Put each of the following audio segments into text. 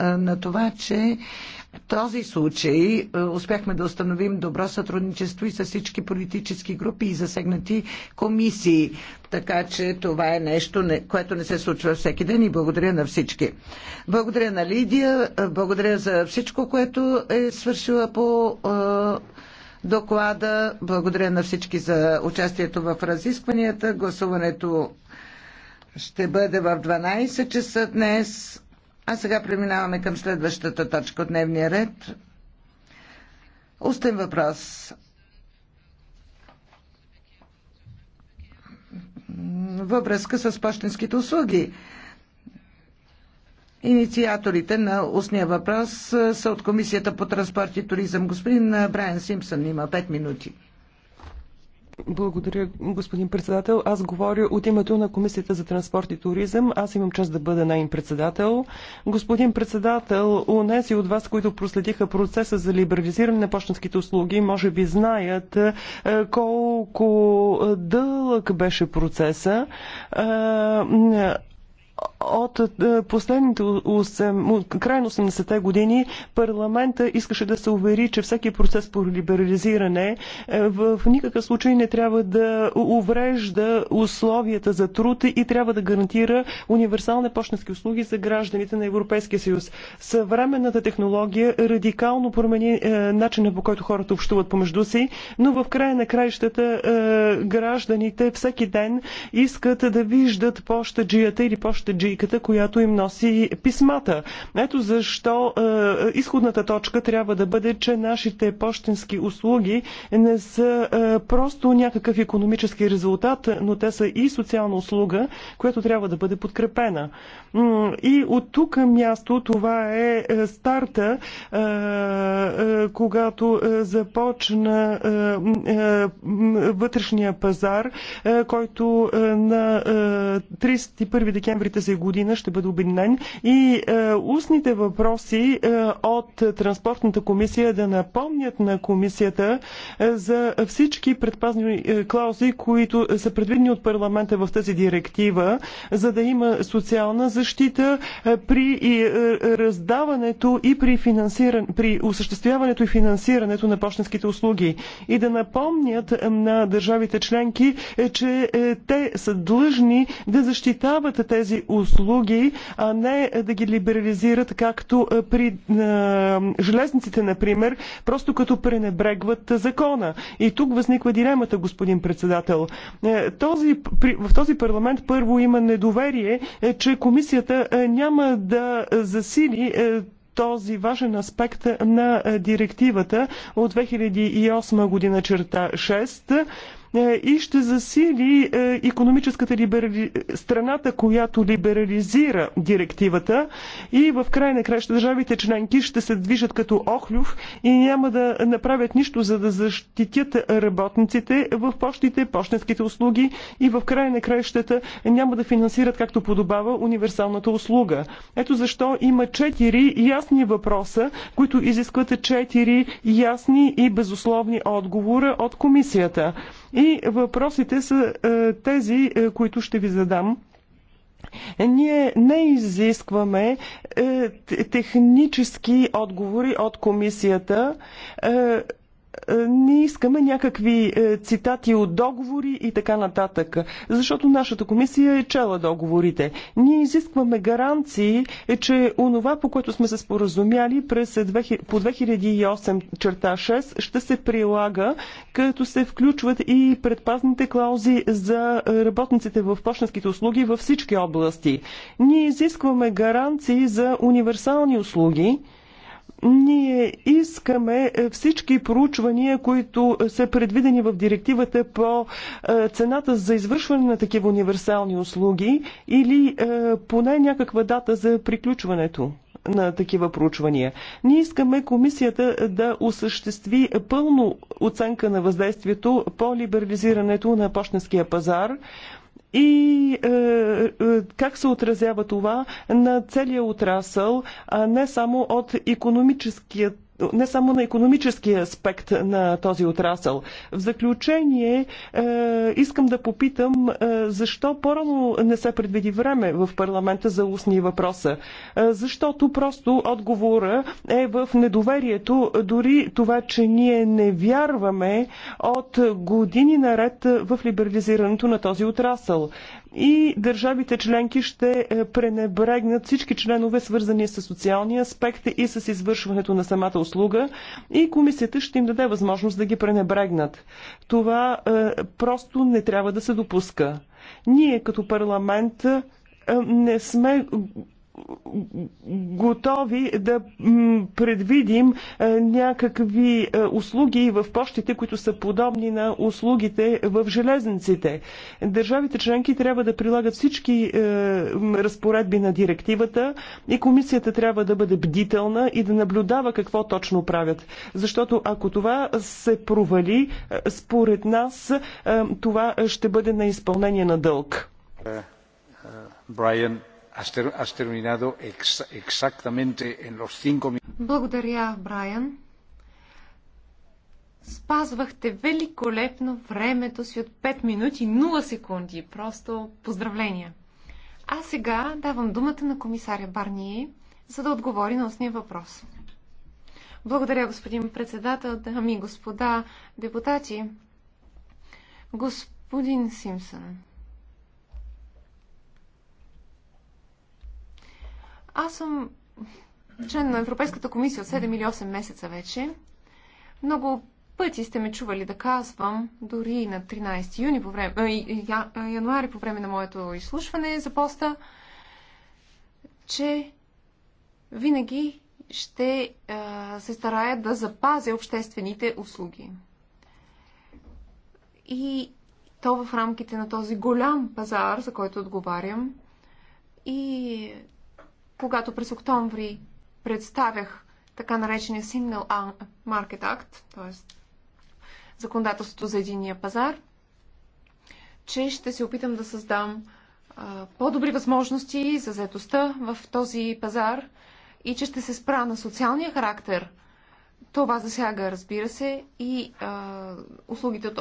на това, че в този случай успяхме да установим добро сътрудничество и с всички политически групи и засегнати комисии. Така че това е нещо, което не се случва всеки ден и благодаря на всички. Благодаря на Лидия, благодаря за всичко, което е свършила по доклада, благодаря на всички за участието в разискванията. Гласуването ще бъде в 12 часа днес. А сега преминаваме към следващата точка от дневния ред. Устен въпрос. Във връзка с почтенските услуги. Инициаторите на устния въпрос са от Комисията по транспорт и туризъм. Господин Брайан Симпсън има 5 минути. Благодаря, господин председател. Аз говоря от името на Комисията за транспорт и туризъм. Аз имам чест да бъда най председател. Господин председател, унеси от вас, които проследиха процеса за либерализиране на почтенските услуги, може би знаят е, колко дълъг беше процеса. Е, от е, последните 8, край на 80-те години парламента искаше да се увери, че всеки процес по либерализиране е, в никакъв случай не трябва да уврежда условията за труд и трябва да гарантира универсални почтенски услуги за гражданите на Европейския съюз. Съвременната технология радикално промени е, начина по който хората общуват помежду си, но в края на краищата гражданите всеки ден искат да виждат джията или почта чекмеджийката, която им носи писмата. Ето защо е, изходната точка трябва да бъде, че нашите почтенски услуги не са е, просто някакъв економически резултат, но те са и социална услуга, която трябва да бъде подкрепена. И от тук място това е, е старта, е, е, когато започна вътрешния пазар, който на 31 декември тази година ще бъде обединен и устните въпроси от Транспортната комисия да напомнят на комисията за всички предпазни клаузи, които са предвидени от парламента в тази директива, за да има социална защита защита е, при е, раздаването и при, финансиран, при осъществяването и финансирането на почтенските услуги. И да напомнят е, на държавите членки, че те са длъжни да защитават тези услуги, а не да ги либерализират, както при железниците, например, просто като пренебрегват закона. И тук възниква дилемата, господин председател. Този, в този парламент първо има недоверие, че комисията комисията е, няма да засили е, този важен аспект на е, директивата от 2008 година черта 6 е, и ще засили економическата либерали... страната, която либерализира директивата и в край на краща държавите членки ще се движат като охлюв и няма да направят нищо, за да защитят работниците в почтите, почтенските услуги и в край на краищата няма да финансират както подобава универсалната услуга. Ето защо има четири ясни въпроса, които изискват четири ясни и безусловни отговора от комисията. И въпросите са е, тези, е, които ще ви задам. Ние не изискваме е, технически отговори от комисията. Е, ние искаме някакви е, цитати от договори и така нататък. Защото нашата комисия е чела договорите. Ние изискваме гаранции, е, че онова, по което сме се споразумяли през по 2008 черта 6, ще се прилага, като се включват и предпазните клаузи за работниците в почтенските услуги във всички области. Ние изискваме гаранции за универсални услуги, ние искаме е, всички проучвания, които са предвидени в директивата по е, цената за извършване на такива универсални услуги или е, поне някаква дата за приключването на такива проучвания. Ние искаме комисията да осъществи пълно оценка на въздействието по либерализирането на почтенския пазар, и е, е, как се отразява това на целия отрасъл, а не само от економическият не само на економическия аспект на този отрасъл. В заключение е, искам да попитам е, защо по-рано не се предвиди време в парламента за устни въпроса. Е, защото просто отговора е в недоверието, дори това, че ние не вярваме от години наред в либерализирането на този отрасъл и държавите членки ще е, пренебрегнат всички членове, свързани с социалния аспект и с извършването на самата услуга и комисията ще им даде възможност да ги пренебрегнат. Това е, просто не трябва да се допуска. Ние като парламент е, не сме готови да предвидим е, някакви е, услуги в почтите, които са подобни на услугите в железниците. Държавите членки трябва да прилагат всички е, разпоредби на директивата и комисията трябва да бъде бдителна и да наблюдава какво точно правят. Защото ако това се провали, според нас това ще бъде на изпълнение на дълг. Брайан благодаря, Брайан. Спазвахте великолепно времето си от 5 минути 0 секунди. Просто поздравления! А сега давам думата на комисаря Барние, за да отговори на устния въпрос. Благодаря, господин председател, дами и господа депутати. Господин Симсън. Аз съм член на Европейската комисия от 7 или 8 месеца вече. Много пъти сте ме чували да казвам, дори на 13 юни по време, я, януари по време на моето изслушване за поста, че винаги ще а, се старая да запазя обществените услуги. И то в рамките на този голям пазар, за който отговарям. И когато през октомври представях така наречения Single Market Act, т.е. законодателството за единия пазар, че ще се опитам да създам по-добри възможности за заедостта в този пазар и че ще се спра на социалния характер. Това засяга, разбира се, и а, услугите от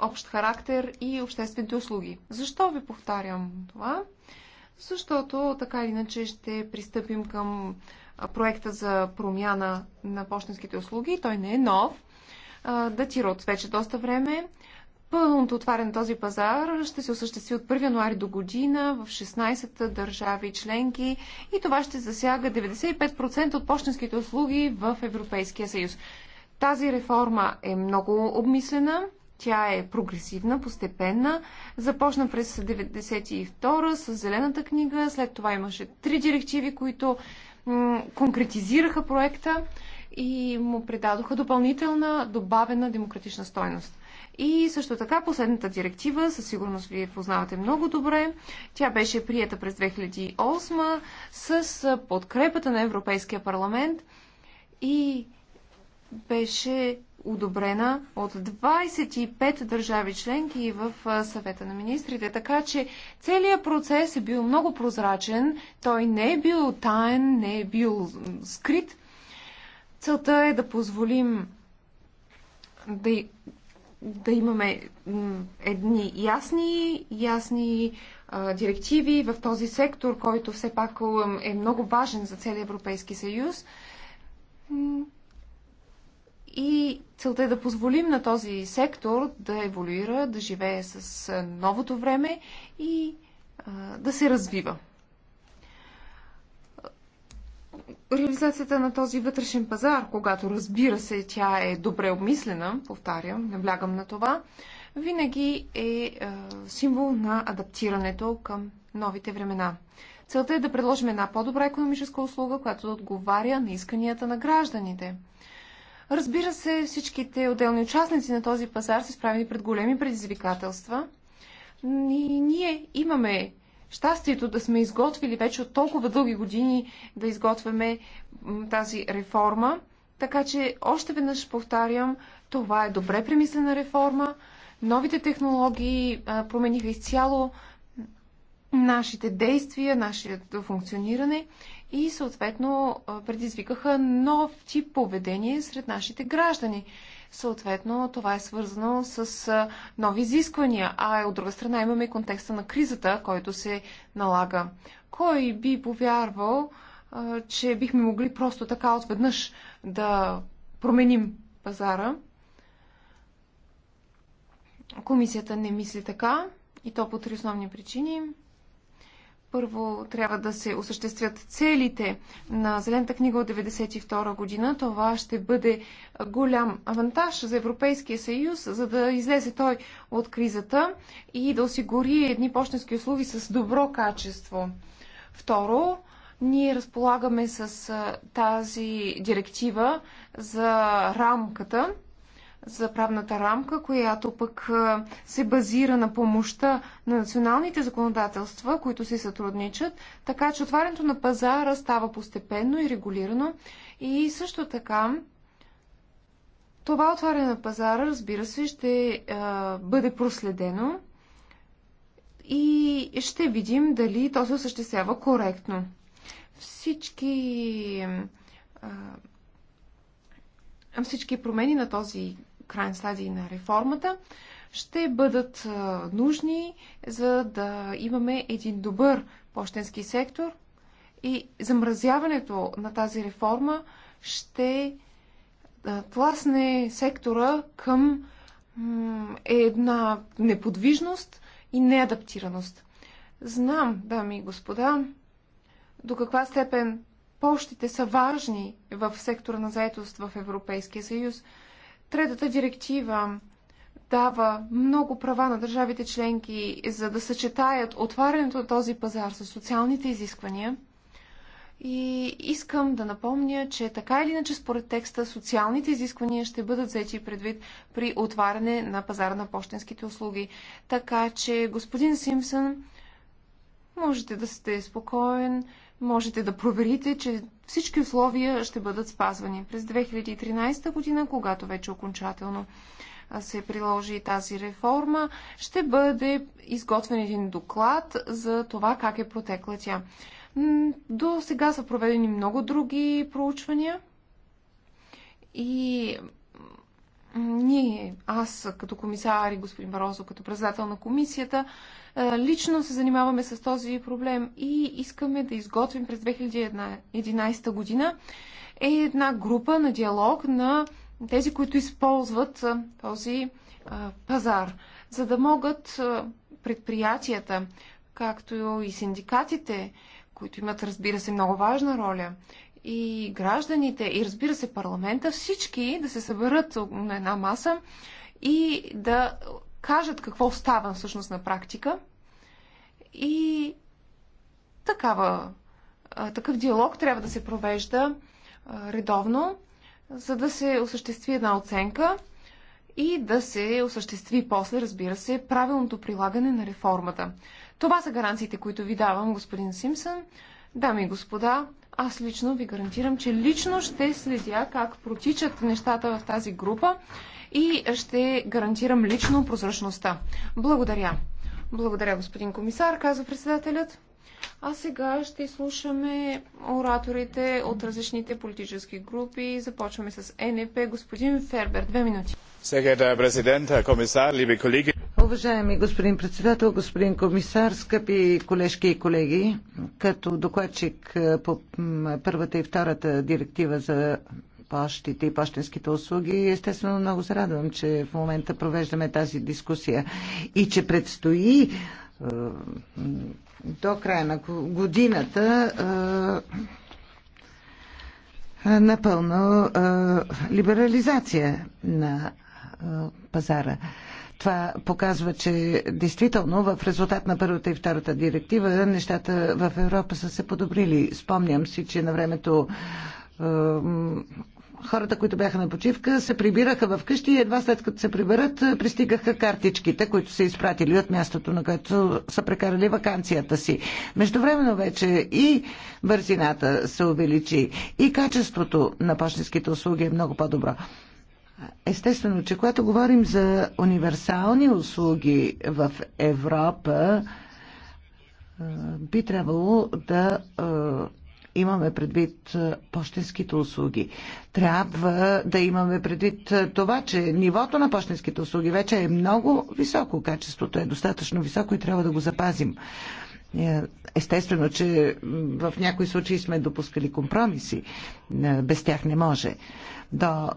общ характер и обществените услуги. Защо ви повтарям това? защото така или иначе ще пристъпим към проекта за промяна на почтенските услуги. Той не е нов, датира от вече доста време. Пълното отваряне на този пазар ще се осъществи от 1 януари до година в 16 държави членки и това ще засяга 95% от почтенските услуги в Европейския съюз. Тази реформа е много обмислена тя е прогресивна, постепенна. Започна през 1992 с Зелената книга, след това имаше три директиви, които конкретизираха проекта и му предадоха допълнителна, добавена демократична стойност. И също така последната директива, със сигурност вие познавате много добре, тя беше прията през 2008 с подкрепата на Европейския парламент и беше одобрена от 25 държави членки в съвета на министрите. Така че целият процес е бил много прозрачен, той не е бил таен, не е бил скрит. Целта е да позволим да, да имаме едни ясни, ясни а, директиви в този сектор, който все пак е много важен за целия Европейски съюз. И целта е да позволим на този сектор да еволюира, да живее с новото време и а, да се развива. Реализацията на този вътрешен пазар, когато разбира се тя е добре обмислена, повтарям, наблягам на това, винаги е символ на адаптирането към новите времена. Целта е да предложим една по-добра економическа услуга, която да отговаря на исканията на гражданите – Разбира се, всичките отделни участници на този пазар са справени пред големи предизвикателства. И ние имаме щастието да сме изготвили вече от толкова дълги години да изготвяме тази реформа. Така че още веднъж повтарям, това е добре премислена реформа. Новите технологии промениха изцяло нашите действия, нашето функциониране и съответно предизвикаха нов тип поведение сред нашите граждани. Съответно, това е свързано с нови изисквания, а е, от друга страна имаме и контекста на кризата, който се налага. Кой би повярвал, че бихме могли просто така отведнъж да променим пазара? Комисията не мисли така и то по три основни причини. Първо трябва да се осъществят целите на Зелената книга от 1992 година. Това ще бъде голям авантаж за Европейския съюз, за да излезе той от кризата и да осигури едни почтенски услуги с добро качество. Второ, ние разполагаме с тази директива за рамката, за правната рамка, която пък се базира на помощта на националните законодателства, които си сътрудничат, така че отварянето на пазара става постепенно и регулирано. И също така, това отваряне на пазара, разбира се, ще а, бъде проследено и ще видим дали то се осъществява коректно. Всички. А, всички промени на този крайен стадий на реформата, ще бъдат нужни, за да имаме един добър почтенски сектор и замразяването на тази реформа ще тласне сектора към е една неподвижност и неадаптираност. Знам, дами и господа, до каква степен почтите са важни в сектора на заетост в Европейския съюз – Третата директива дава много права на държавите членки, за да съчетаят отварянето на този пазар с социалните изисквания. И искам да напомня, че така или иначе според текста социалните изисквания ще бъдат взети предвид при отваряне на пазара на почтенските услуги. Така че, господин Симпсън, можете да сте спокоен, можете да проверите, че всички условия ще бъдат спазвани. През 2013 година, когато вече окончателно се приложи тази реформа, ще бъде изготвен един доклад за това как е протекла тя. До сега са проведени много други проучвания и ние, аз като комисар и господин Барозо като председател на комисията, е, лично се занимаваме с този проблем и искаме да изготвим през 2011 година е една група на диалог на тези, които използват е, този пазар, за да могат предприятията, както и синдикатите, които имат, разбира се, много важна роля, и гражданите, и разбира се парламента, всички да се съберат на една маса и да кажат какво става всъщност на практика. И такава, такъв диалог трябва да се провежда редовно, за да се осъществи една оценка и да се осъществи после, разбира се, правилното прилагане на реформата. Това са гаранциите, които ви давам, господин Симсън. Дами и господа, аз лично ви гарантирам, че лично ще следя как протичат нещата в тази група и ще гарантирам лично прозрачността. Благодаря. Благодаря, господин комисар, казва председателят. А сега ще слушаме ораторите от различните политически групи. Започваме с НП. Господин Фербер, две минути. Сега президент, комисар, либи колеги. Уважаеми господин председател, господин комисар, скъпи колежки и колеги, като докладчик по първата и втората директива за пощите и пощенските услуги. Естествено, много се радвам, че в момента провеждаме тази дискусия и че предстои до края на годината напълно либерализация на пазара. Това показва, че действително в резултат на първата и втората директива нещата в Европа са се подобрили. Спомням си, че на времето хората, които бяха на почивка, се прибираха в къщи и едва след като се приберат, пристигаха картичките, които са изпратили от мястото, на което са прекарали вакансията си. Междувременно вече и бързината се увеличи, и качеството на почтенските услуги е много по-добро. Естествено, че когато говорим за универсални услуги в Европа, би трябвало да имаме предвид почтенските услуги. Трябва да имаме предвид това, че нивото на почтенските услуги вече е много високо. Качеството е достатъчно високо и трябва да го запазим. Е, естествено, че в някои случаи сме допускали компромиси. Без тях не може. До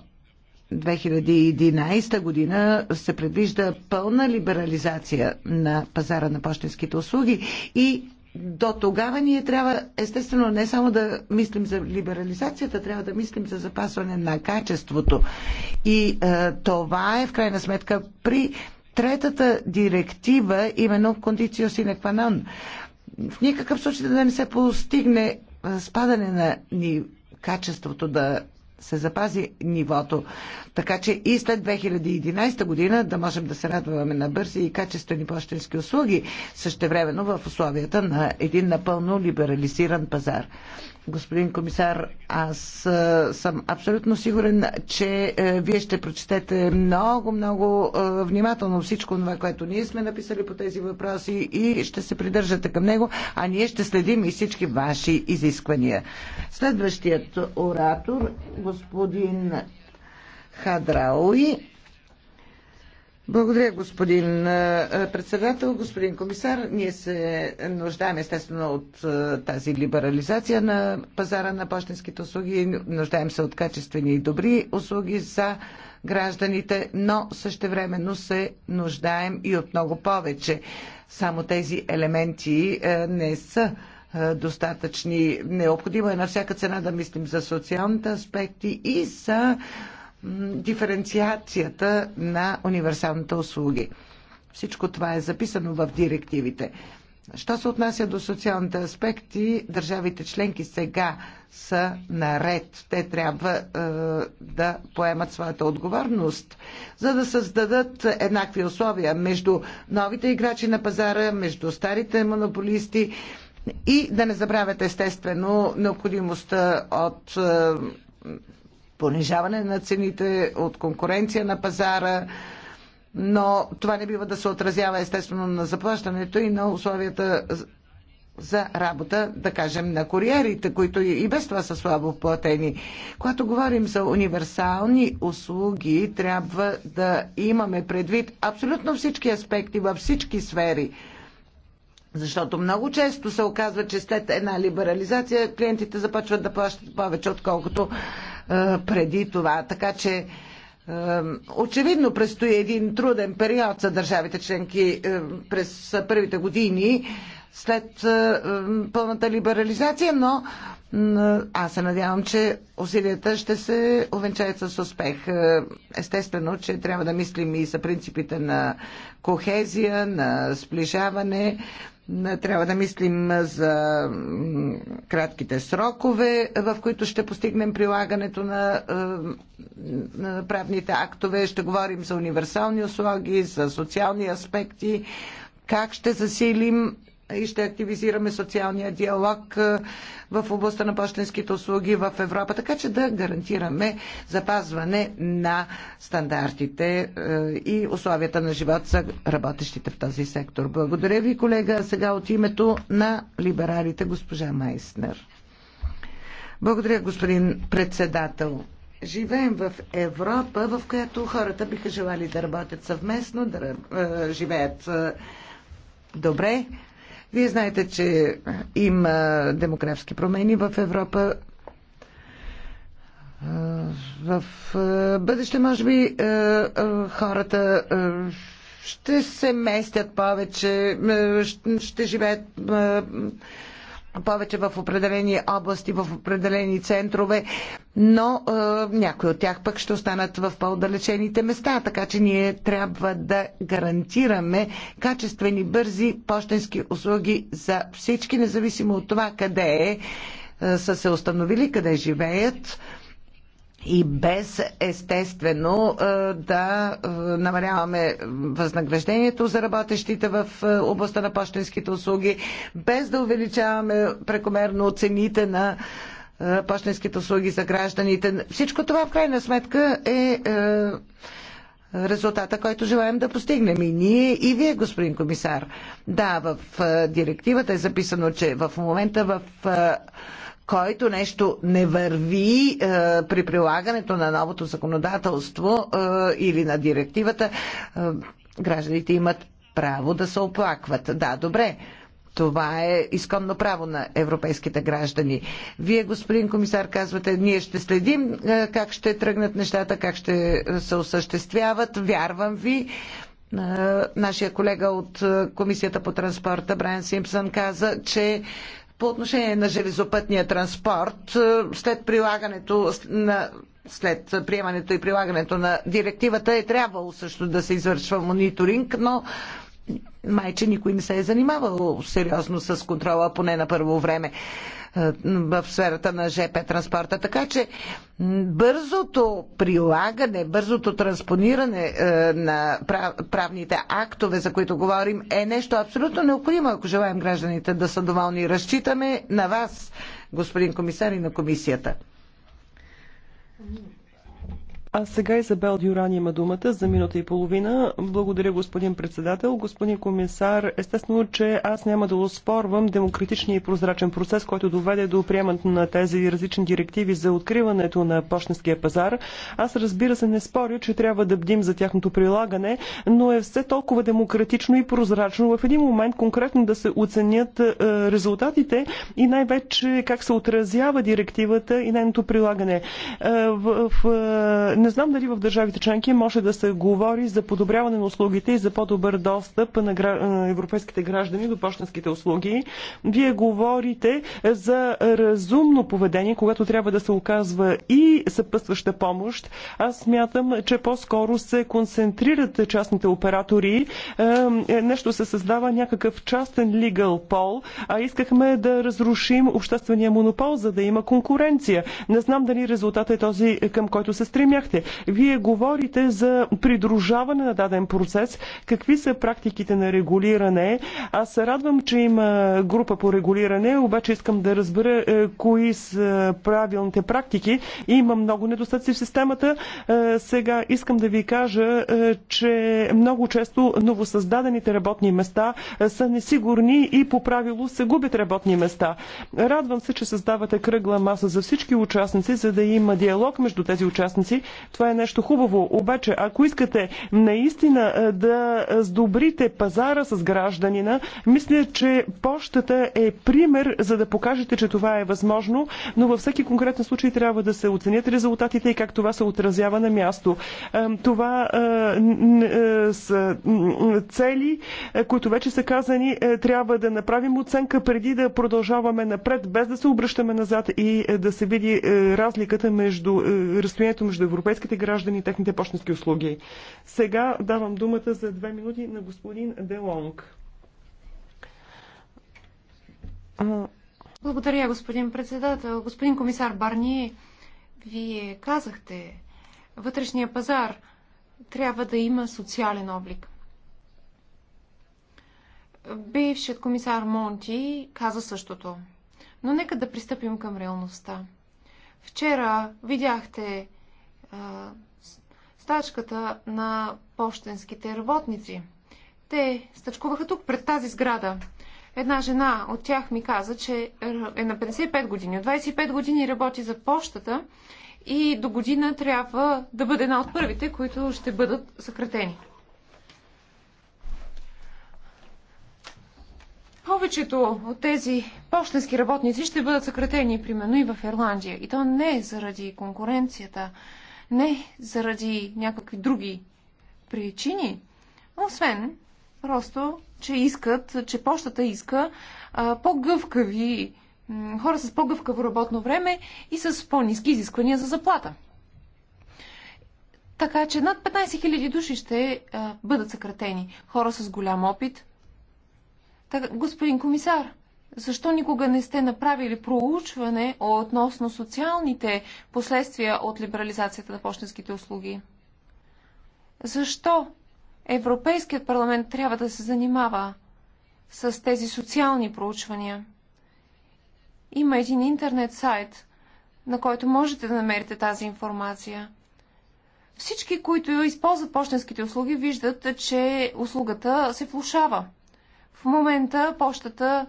2011 година се предвижда пълна либерализация на пазара на почтенските услуги и до тогава ние трябва, естествено, не само да мислим за либерализацията, трябва да мислим за запасване на качеството. И е, това е, в крайна сметка, при третата директива, именно кондицио sine qua non. В никакъв случай да не се постигне е, спадане на ни качеството, да се запази нивото. Така че и след 2011 година да можем да се радваме на бързи и качествени почтенски услуги, същевременно в условията на един напълно либерализиран пазар. Господин комисар, аз съм абсолютно сигурен, че вие ще прочетете много, много внимателно всичко това, което ние сме написали по тези въпроси и ще се придържате към него, а ние ще следим и всички ваши изисквания. Следващият оратор, господин Хадрауи. Благодаря, господин председател, господин комисар. Ние се нуждаем естествено от тази либерализация на пазара на почтенските услуги. Нуждаем се от качествени и добри услуги за гражданите, но същевременно се нуждаем и от много повече. Само тези елементи не са е, достатъчни. Необходимо е на всяка цена да мислим за социалните аспекти и за диференциацията на универсалните услуги. Всичко това е записано в директивите. Що се отнася до социалните аспекти, държавите членки сега са наред. Те трябва е, да поемат своята отговорност, за да създадат еднакви условия между новите играчи на пазара, между старите монополисти и да не забравят естествено необходимостта от е, понижаване на цените, от конкуренция на пазара, но това не бива да се отразява естествено на заплащането и на условията за работа, да кажем, на куриерите, които и без това са слабо платени. Когато говорим за универсални услуги, трябва да имаме предвид абсолютно всички аспекти във всички сфери – защото много често се оказва, че след една либерализация клиентите започват да плащат повече, отколкото е, преди това. Така че е, очевидно предстои един труден период за държавите членки е, през първите години след е, пълната либерализация, но аз се надявам, че усилията ще се увенчаят с успех. Е, естествено, че трябва да мислим и за принципите на кохезия, на сближаване, трябва да мислим за кратките срокове, в които ще постигнем прилагането на, е, на правните актове. Ще говорим за универсални услуги, за социални аспекти, как ще засилим и ще активизираме социалния диалог е, в областта на почтенските услуги в Европа, така че да гарантираме запазване на стандартите е, и условията на живот за работещите в този сектор. Благодаря ви, колега. Сега от името на либералите госпожа Майснер. Благодаря, господин председател. Живеем в Европа, в която хората биха желали да работят съвместно, да е, живеят добре, вие знаете, че има демографски промени в Европа. В бъдеще, може би, хората ще се местят повече, ще живеят повече в определени области, в определени центрове, но е, някои от тях пък ще останат в по-отдалечените места, така че ние трябва да гарантираме качествени, бързи почтенски услуги за всички, независимо от това къде е, е са се установили, къде живеят и без естествено е, да е, намаляваме възнаграждението за работещите в е, областта на почтенските услуги, без да увеличаваме прекомерно цените на почтенските услуги за гражданите. Всичко това в крайна сметка е резултата, който желаем да постигнем и ние, и вие, господин комисар. Да, в директивата е записано, че в момента в който нещо не върви е, при прилагането на новото законодателство е, или на директивата, е, гражданите имат право да се оплакват. Да, добре. Това е изконно право на европейските граждани. Вие, господин комисар, казвате, ние ще следим е, как ще тръгнат нещата, как ще е, се осъществяват. Вярвам ви. Е, нашия колега от Комисията по транспорта, Брайан Симпсън, каза, че по отношение на железопътния транспорт е, след прилагането на след приемането и прилагането на директивата е трябвало също да се извършва мониторинг, но майче никой не се е занимавал сериозно с контрола, поне на първо време. Е, в сферата на ЖП транспорта. Така че бързото прилагане, бързото транспониране е, на правните актове, за които говорим, е нещо абсолютно необходимо, ако желаем гражданите да са доволни. Разчитаме на вас, господин комисар и на комисията. А сега Изабел Дюрани има думата за минута и половина. Благодаря, господин председател. Господин комисар, естествено, че аз няма да оспорвам демократичния и прозрачен процес, който доведе до приемането на тези различни директиви за откриването на почтенския пазар. Аз разбира се не споря, че трябва да бдим за тяхното прилагане, но е все толкова демократично и прозрачно в един момент конкретно да се оценят е, резултатите и най-вече как се отразява директивата и нейното прилагане. Е, в е, не знам дали в държавите членки може да се говори за подобряване на услугите и за по-добър достъп на европейските граждани до почтенските услуги. Вие говорите за разумно поведение, когато трябва да се оказва и съпътстваща помощ. Аз смятам, че по-скоро се концентрират частните оператори. Нещо се създава някакъв частен лигал пол, а искахме да разрушим обществения монопол, за да има конкуренция. Не знам дали резултатът е този, към който се стремяхте казахте. Вие говорите за придружаване на даден процес. Какви са практиките на регулиране? Аз се радвам, че има група по регулиране, обаче искам да разбера е, кои са правилните практики. Има много недостатъци в системата. Е, сега искам да ви кажа, е, че много често новосъздадените работни места е, са несигурни и по правило се губят работни места. Радвам се, че създавате кръгла маса за всички участници, за да има диалог между тези участници, това е нещо хубаво. Обаче, ако искате наистина е, да сдобрите пазара с гражданина, мисля, че почтата е пример, за да покажете, че това е възможно, но във всеки конкретен случай трябва да се оценят резултатите и как това се отразява на място. Е, това е, са цели, които вече са казани. Трябва да направим оценка преди да продължаваме напред, без да се обръщаме назад и да се види разликата между разстоянието между европейските европейските граждани техните почтенски услуги. Сега давам думата за две минути на господин Делонг. Благодаря, господин председател. Господин комисар Барни, вие казахте, вътрешния пазар трябва да има социален облик. Бившият комисар Монти каза същото. Но нека да пристъпим към реалността. Вчера видяхте а, стачката на почтенските работници. Те стачкуваха тук, пред тази сграда. Една жена от тях ми каза, че е на 55 години. От 25 години работи за почтата и до година трябва да бъде една от първите, които ще бъдат съкратени. Повечето от тези почтенски работници ще бъдат съкратени, примерно и в Ирландия. И то не е заради конкуренцията, не заради някакви други причини, освен просто, че искат, че почтата иска по-гъвкави хора с по-гъвкаво работно време и с по-низки изисквания за заплата. Така че над 15 000 души ще а, бъдат съкратени. Хора с голям опит. Така, господин комисар, защо никога не сте направили проучване относно социалните последствия от либерализацията на почтенските услуги? Защо Европейският парламент трябва да се занимава с тези социални проучвания? Има един интернет сайт, на който можете да намерите тази информация. Всички, които използват почтенските услуги, виждат, че услугата се влушава. В момента почтата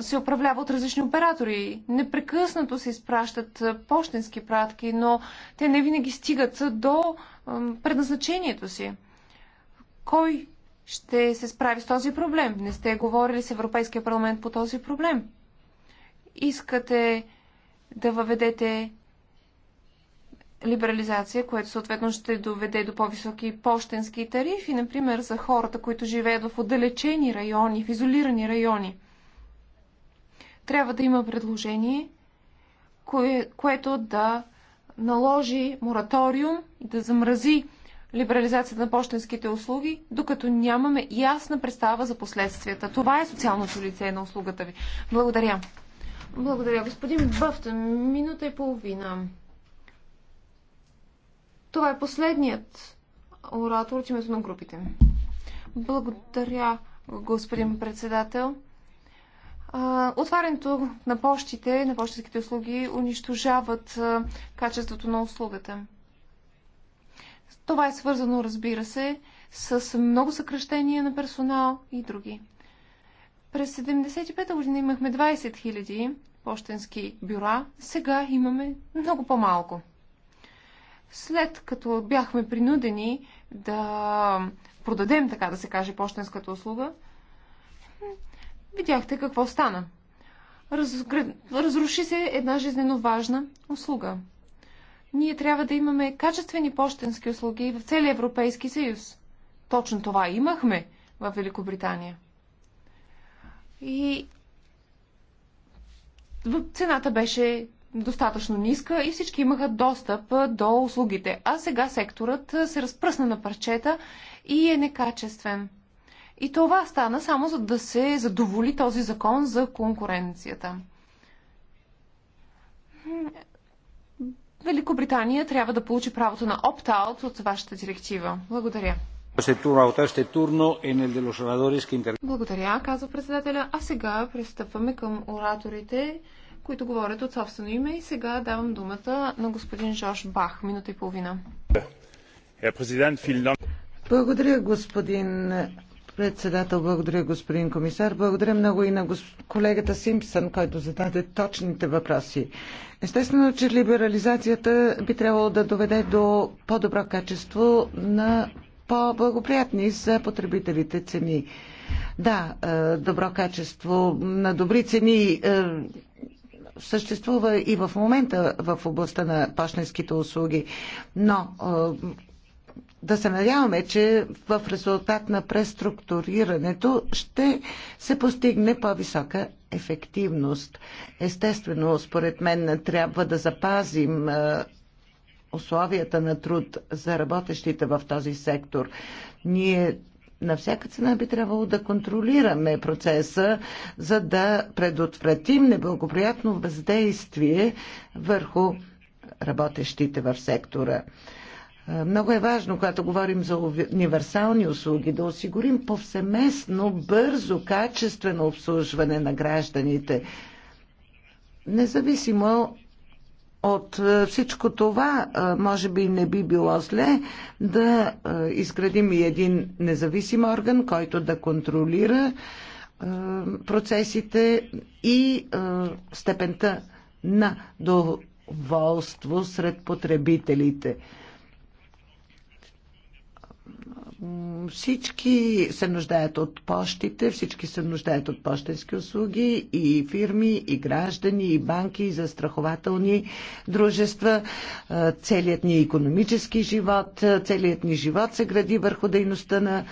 се управлява от различни оператори. Непрекъснато се изпращат почтенски пратки, но те не винаги стигат до предназначението си. Кой ще се справи с този проблем? Не сте говорили с Европейския парламент по този проблем. Искате да въведете либерализация, което съответно ще доведе до по-високи почтенски тарифи, например за хората, които живеят в отдалечени райони, в изолирани райони трябва да има предложение, кое, което да наложи мораториум и да замрази либерализацията на почтенските услуги, докато нямаме ясна представа за последствията. Това е социалното лице на услугата ви. Благодаря. Благодаря, господин Бъфтън. Минута и половина. Това е последният оратор от името на групите. Благодаря, господин председател. Отварянето на почтите, на почтските услуги унищожават качеството на услугата. Това е свързано, разбира се, с много съкръщения на персонал и други. През 75-та година имахме 20 000 почтенски бюра, сега имаме много по-малко. След като бяхме принудени да продадем, така да се каже, почтенската услуга, Видяхте какво стана. Разгр... Разруши се една жизненно важна услуга. Ние трябва да имаме качествени почтенски услуги в целия Европейски съюз. Точно това имахме в Великобритания. И цената беше достатъчно ниска и всички имаха достъп до услугите. А сега секторът се разпръсна на парчета и е некачествен. И това стана само за да се задоволи този закон за конкуренцията. Великобритания трябва да получи правото на опт-аут от вашата директива. Благодаря. Благодаря, казва председателя. А сега пристъпваме към ораторите, които говорят от собствено име. И сега давам думата на господин Жорж Бах. Минута и половина. Благодаря, господин Председател, благодаря господин комисар. Благодаря много и на колегата Симпсън, който зададе точните въпроси. Естествено, че либерализацията би трябвало да доведе до по-добро качество на по-благоприятни за потребителите цени. Да, е, добро качество на добри цени е, съществува и в момента в областта на почтенските услуги, но е, да се надяваме, че в резултат на преструктурирането ще се постигне по-висока ефективност. Естествено, според мен, трябва да запазим условията на труд за работещите в този сектор. Ние на всяка цена би трябвало да контролираме процеса, за да предотвратим неблагоприятно въздействие върху работещите в сектора. Е, много е важно, когато говорим за универсални услуги, да осигурим повсеместно, бързо, качествено обслужване на гражданите. Независимо от е, всичко това, е, може би не би било зле да изградим и един независим орган, който да контролира процесите и степента на доволство сред потребителите. Всички се нуждаят от почтите, всички се нуждаят от почтенски услуги и фирми, и граждани, и банки, и застрахователни дружества. Е, целият ни економически живот, е, целият ни живот се гради върху дейността на е,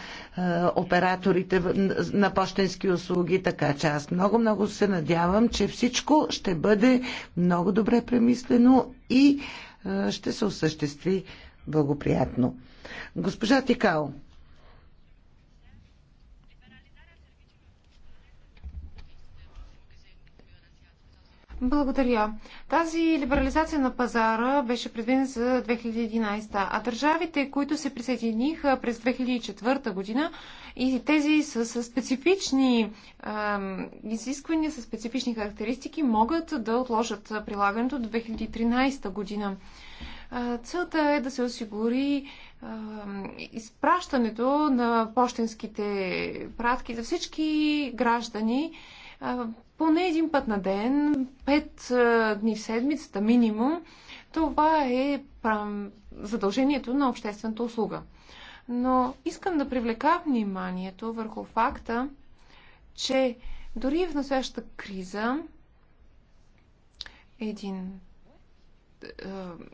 операторите на почтенски услуги, така че аз много-много се надявам, че всичко ще бъде много добре премислено и ще се осъществи благоприятно. Госпожа Тикао. Благодаря. Тази либерализация на пазара беше предвидена за 2011, а държавите, които се присъединиха през 2004 година и тези с специфични ем, изисквания, с специфични характеристики, могат да отложат прилагането до 2013 година. Целта е да се осигури изпращането на почтенските пратки за всички граждани поне един път на ден, пет дни в седмицата минимум, това е задължението на обществената услуга. Но искам да привлека вниманието върху факта, че дори в настоящата криза един е,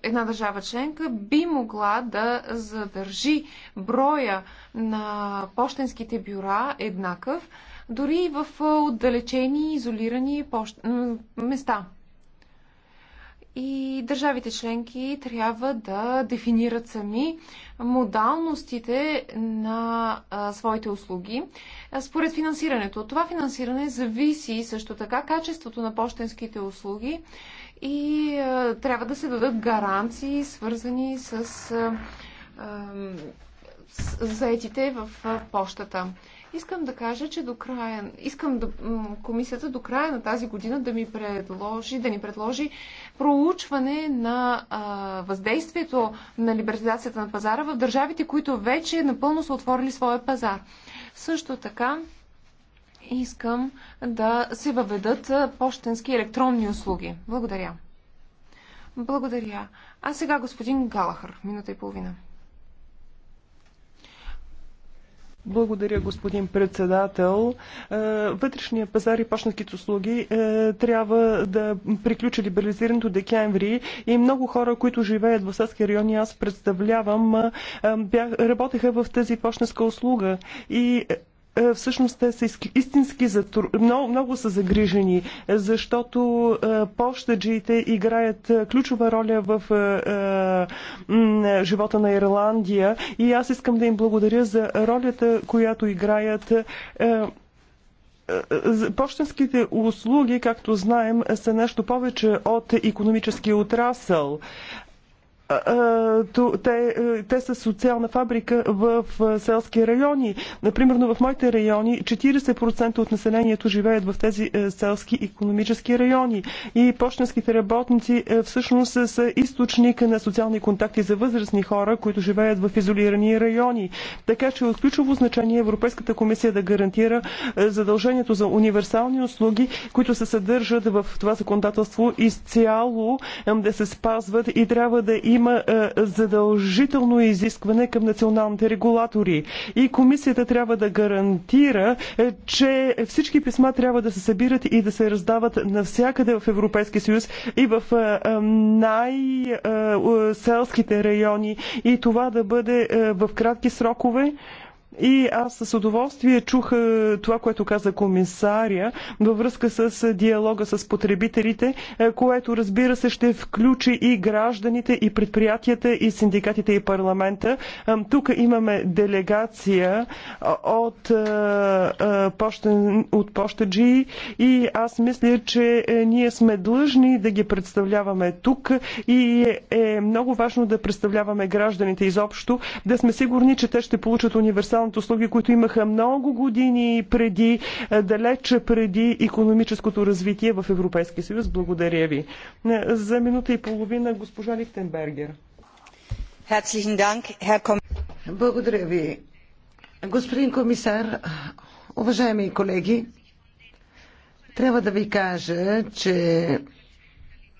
една държава членка би могла да задържи броя на почтенските бюра еднакъв, дори в е, отдалечени, изолирани пощ... места. И държавите членки трябва да дефинират сами модалностите на а, своите услуги според финансирането. От това финансиране зависи също така качеството на почтенските услуги, и а, е, трябва да се дадат гаранции, свързани с, а, е, а, е, с заетите в а, почтата. Искам да кажа, че до края, искам да, комисията до края на тази година да ми предложи, да ни предложи проучване на а, въздействието на либерализацията на пазара в държавите, които вече напълно са отворили своя пазар. Също така, искам да се въведат почтенски електронни услуги. Благодаря. Благодаря. А сега господин Галахър, минута и половина. Благодаря, господин председател. Е, Вътрешния пазар и почтенските услуги е, трябва да приключи либерализирането декември и много хора, които живеят в съдски райони, аз представлявам, е, бях, работеха в тази почтенска услуга и е, всъщност те са истински затру... много, много са загрижени, защото е, пощаджиите играят е, ключова роля в живота на Ирландия и аз искам да им благодаря за ролята, която играят Пощенските услуги, както знаем, са нещо повече от економически отрасъл те, е, те са социална фабрика в е, селски райони. Например, в моите райони 40% от населението живеят в тези е, селски економически райони. И почтенските работници всъщност са източник на социални контакти за възрастни хора, които живеят в изолирани райони. Така че от ключово значение Европейската комисия да гарантира задължението за универсални услуги, които се съдържат в това законодателство изцяло да се спазват и трябва да има има е, задължително изискване към националните регулатори и комисията трябва да гарантира, е, че всички писма трябва да се събират и да се раздават навсякъде в Европейския съюз и в е, най-селските райони и това да бъде в кратки срокове. И аз с удоволствие чух е, това, което каза комисаря във връзка с е, диалога с потребителите, е, което разбира се ще включи и гражданите, и предприятията, и синдикатите, и парламента. Тук имаме делегация от, от Пощаджи и аз мисля, че ние сме длъжни да ги представляваме тук и е много важно да представляваме гражданите изобщо, да сме сигурни, че те ще получат универсал социалните услуги, които имаха много години преди, далече преди економическото развитие в Европейския съюз. Благодаря ви. За минута и половина госпожа Лихтенбергер. Благодаря ви. Господин комисар, уважаеми колеги, трябва да ви кажа, че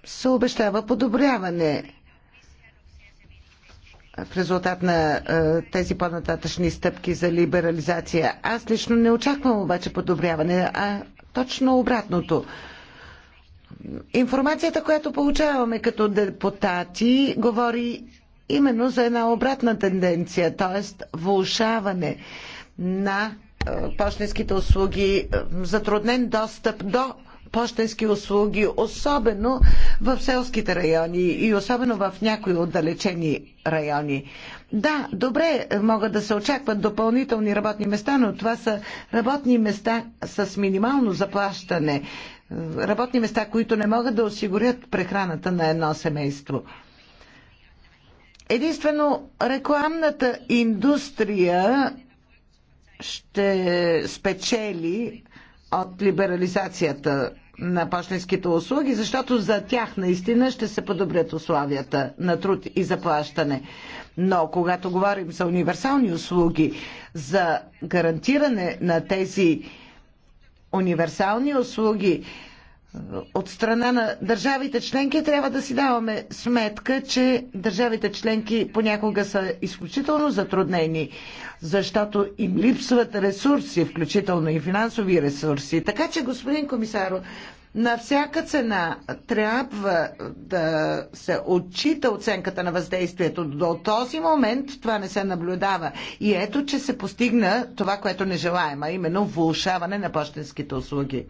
се обещава подобряване в резултат на е, тези по-нататъчни стъпки за либерализация. Аз лично не очаквам обаче подобряване, а точно обратното. Информацията, която получаваме като депутати, говори именно за една обратна тенденция, т.е. влушаване на е, почтенските услуги, е, затруднен достъп до пощенски услуги, особено в селските райони и особено в някои отдалечени райони. Да, добре, могат да се очакват допълнителни работни места, но това са работни места с минимално заплащане. Работни места, които не могат да осигурят прехраната на едно семейство. Единствено, рекламната индустрия ще спечели от либерализацията на почтенските услуги, защото за тях наистина ще се подобрят условията на труд и заплащане. Но когато говорим за универсални услуги, за гарантиране на тези универсални услуги, от страна на държавите членки трябва да си даваме сметка, че държавите членки понякога са изключително затруднени, защото им липсват ресурси, включително и финансови ресурси. Така че, господин комисаро, на всяка цена трябва да се отчита оценката на въздействието. До този момент това не се наблюдава. И ето, че се постигна това, което не желаем, а именно влушаване на почтенските услуги.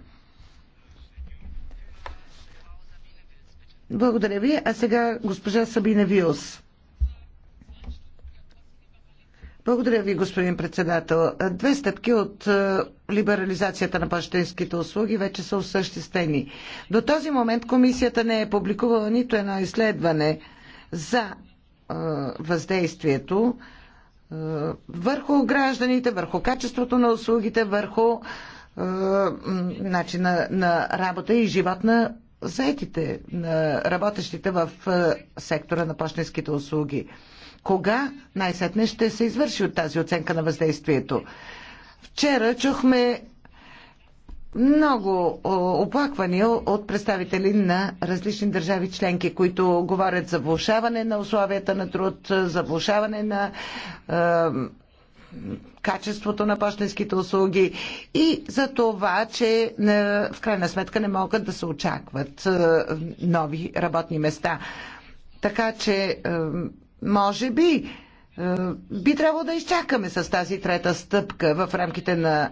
Благодаря ви. А сега госпожа Сабина Виос. Благодаря ви, господин председател. Две стъпки от е, либерализацията на пащенските услуги вече са осъществени. До този момент комисията не е публикувала нито едно изследване за е, въздействието е, върху гражданите, върху качеството на услугите, върху начина на работа и живот на заетите, на работещите в е, сектора на почтенските услуги. Кога най-сетне ще се извърши от тази оценка на въздействието? Вчера чухме много оплаквания от представители на различни държави членки, които говорят за влушаване на условията на труд, за влушаване на е, качеството на почтенските услуги и за това, че е, в крайна сметка не могат да се очакват е, нови работни места. Така че, е, може би, би трябвало да изчакаме с тази трета стъпка в рамките на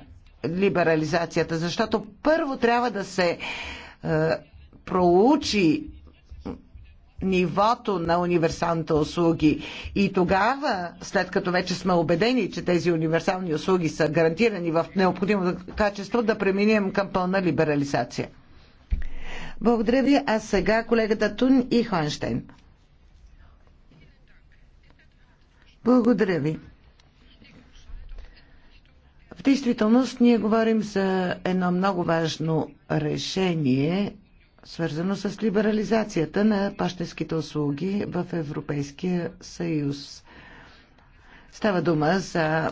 либерализацията, защото първо трябва да се проучи нивото на универсалните услуги. И тогава, след като вече сме убедени, че тези универсални услуги са гарантирани в необходимото качество, да преминем към пълна либерализация. Благодаря ви. А сега колегата Тун и Хонштейн. Благодаря ви. В действителност ние говорим за едно много важно решение свързано с либерализацията на пащенските услуги в Европейския съюз. Става дума за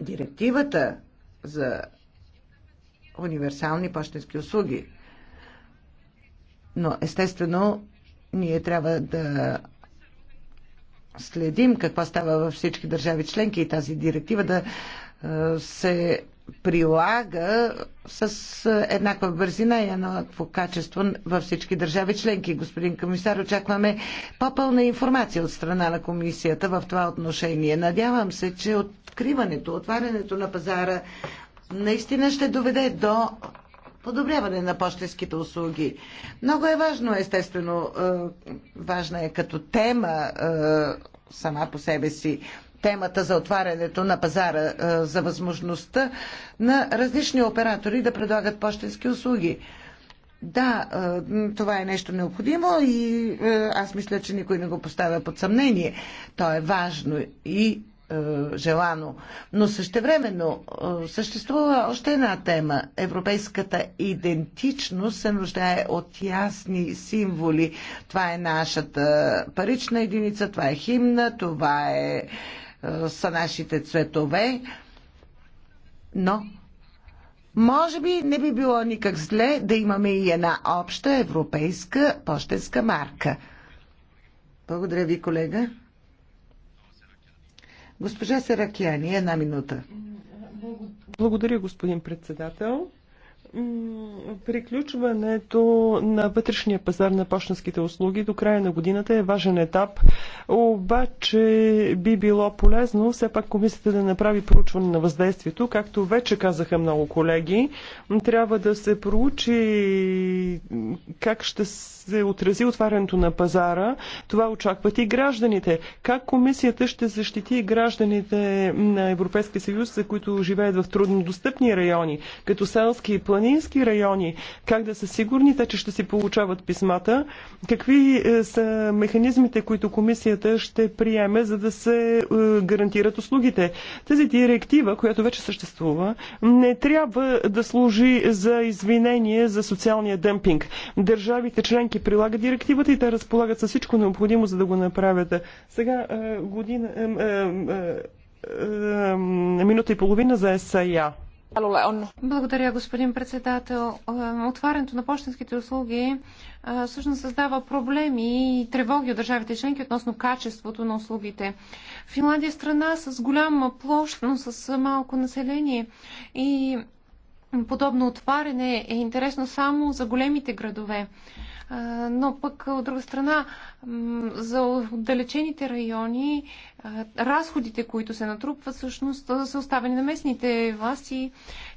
директивата за универсални пощенски услуги. Но естествено, ние трябва да следим какво става във всички държави членки и тази директива да се прилага с е, еднаква бързина и еднакво качество във всички държави членки. Господин комисар, очакваме по-пълна информация от страна на комисията в това отношение. Надявам се, че откриването, отварянето на пазара наистина ще доведе до подобряване на почтенските услуги. Много е важно, естествено, е, важна е като тема е, сама по себе си, темата за отварянето на пазара, за възможността на различни оператори да предлагат почтенски услуги. Да, това е нещо необходимо и аз мисля, че никой не го поставя под съмнение. То е важно и желано. Но същевременно съществува още една тема. Европейската идентичност се нуждае от ясни символи. Това е нашата парична единица, това е химна, това е е, са нашите цветове, но може би не би било никак зле да имаме и една обща европейска почтенска марка. Благодаря ви, колега. Госпожа Серакияни, една минута. Благодаря, господин председател. Приключването на вътрешния пазар на почтенските услуги до края на годината е важен етап, обаче би било полезно все пак комисията да направи проучване на въздействието. Както вече казаха много колеги, трябва да се проучи как ще се се отрази отварянето на пазара. Това очакват и гражданите. Как комисията ще защити гражданите на Европейския съюз, за които живеят в труднодостъпни райони, като селски и планински райони? Как да са сигурни те, че ще си получават писмата? Какви е, са механизмите, които комисията ще приеме, за да се е, гарантират услугите? Тази директива, която вече съществува, не трябва да служи за извинение за социалния дъмпинг. Държавите членки банки прилага директивата и те разполагат с всичко необходимо, за да го направят. Сега е, година, е, е, минута и половина за САЯ. Благодаря, господин председател. Отварянето на почтенските услуги всъщност създава проблеми и тревоги от държавите членки относно качеството на услугите. Финландия е страна с голяма площ, но с малко население и подобно отваряне е интересно само за големите градове но пък от друга страна за отдалечените райони разходите, които се натрупват, всъщност са оставени на местните власти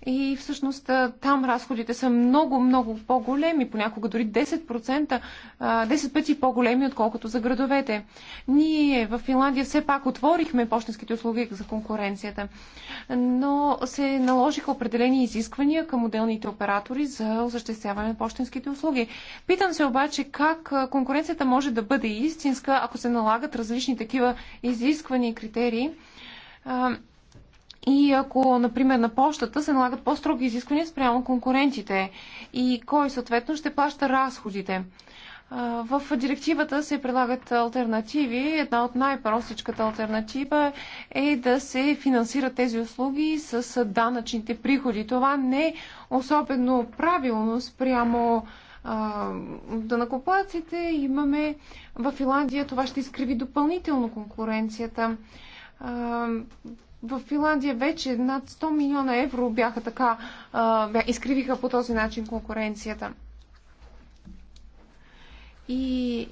и всъщност там разходите са много, много по-големи, понякога дори 10%, 10 пъти по-големи, отколкото за градовете. Ние в Финландия все пак отворихме почтенските услуги за конкуренцията, но се наложиха определени изисквания към отделните оператори за осъществяване на почтенските услуги. Питам се обаче как конкуренцията може да бъде истинска, ако се налагат различни такива изисквания изисквания и критерии. И ако, например, на почтата се налагат по-строги изисквания спрямо конкурентите и кой съответно ще плаща разходите. В директивата се прилагат альтернативи. Една от най-простичката альтернатива е да се финансират тези услуги с данъчните приходи. Това не е особено правилно спрямо накопаците имаме в Финландия, това ще изкриви допълнително конкуренцията. в Финландия вече над 100 милиона евро бяха така, изкривиха по този начин конкуренцията. И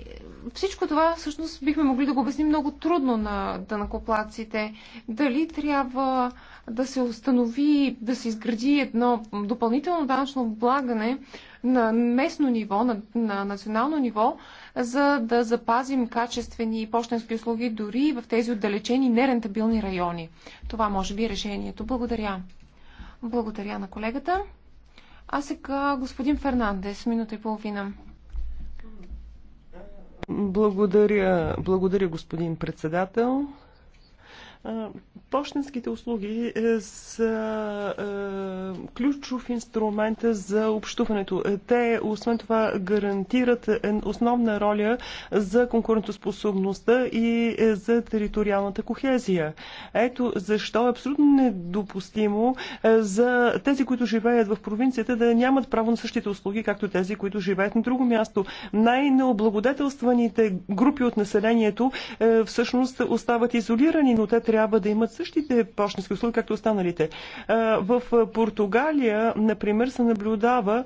всичко това всъщност бихме могли да го обясним много трудно на дънакоплаците. Дали трябва да се установи, да се изгради едно допълнително данъчно облагане на местно ниво, на, на национално ниво, за да запазим качествени почтенски услуги дори в тези отдалечени нерентабилни райони. Това може би е решението. Благодаря. Благодаря на колегата. А сега господин Фернандес, минута и половина. Благодаря, благодаря господин председател. Пощенските услуги е, са е, ключов инструмент за общуването. Е, те, освен това, гарантират основна роля за конкурентоспособността и за териториалната кохезия. Ето защо е абсолютно недопустимо за тези, които живеят в провинцията, да нямат право на същите услуги, както тези, които живеят на друго място. Най-необлагодетелстваните групи от населението всъщност остават изолирани, но те трябва да имат същите почтенски услуги, както останалите. В Португалия, например, се наблюдава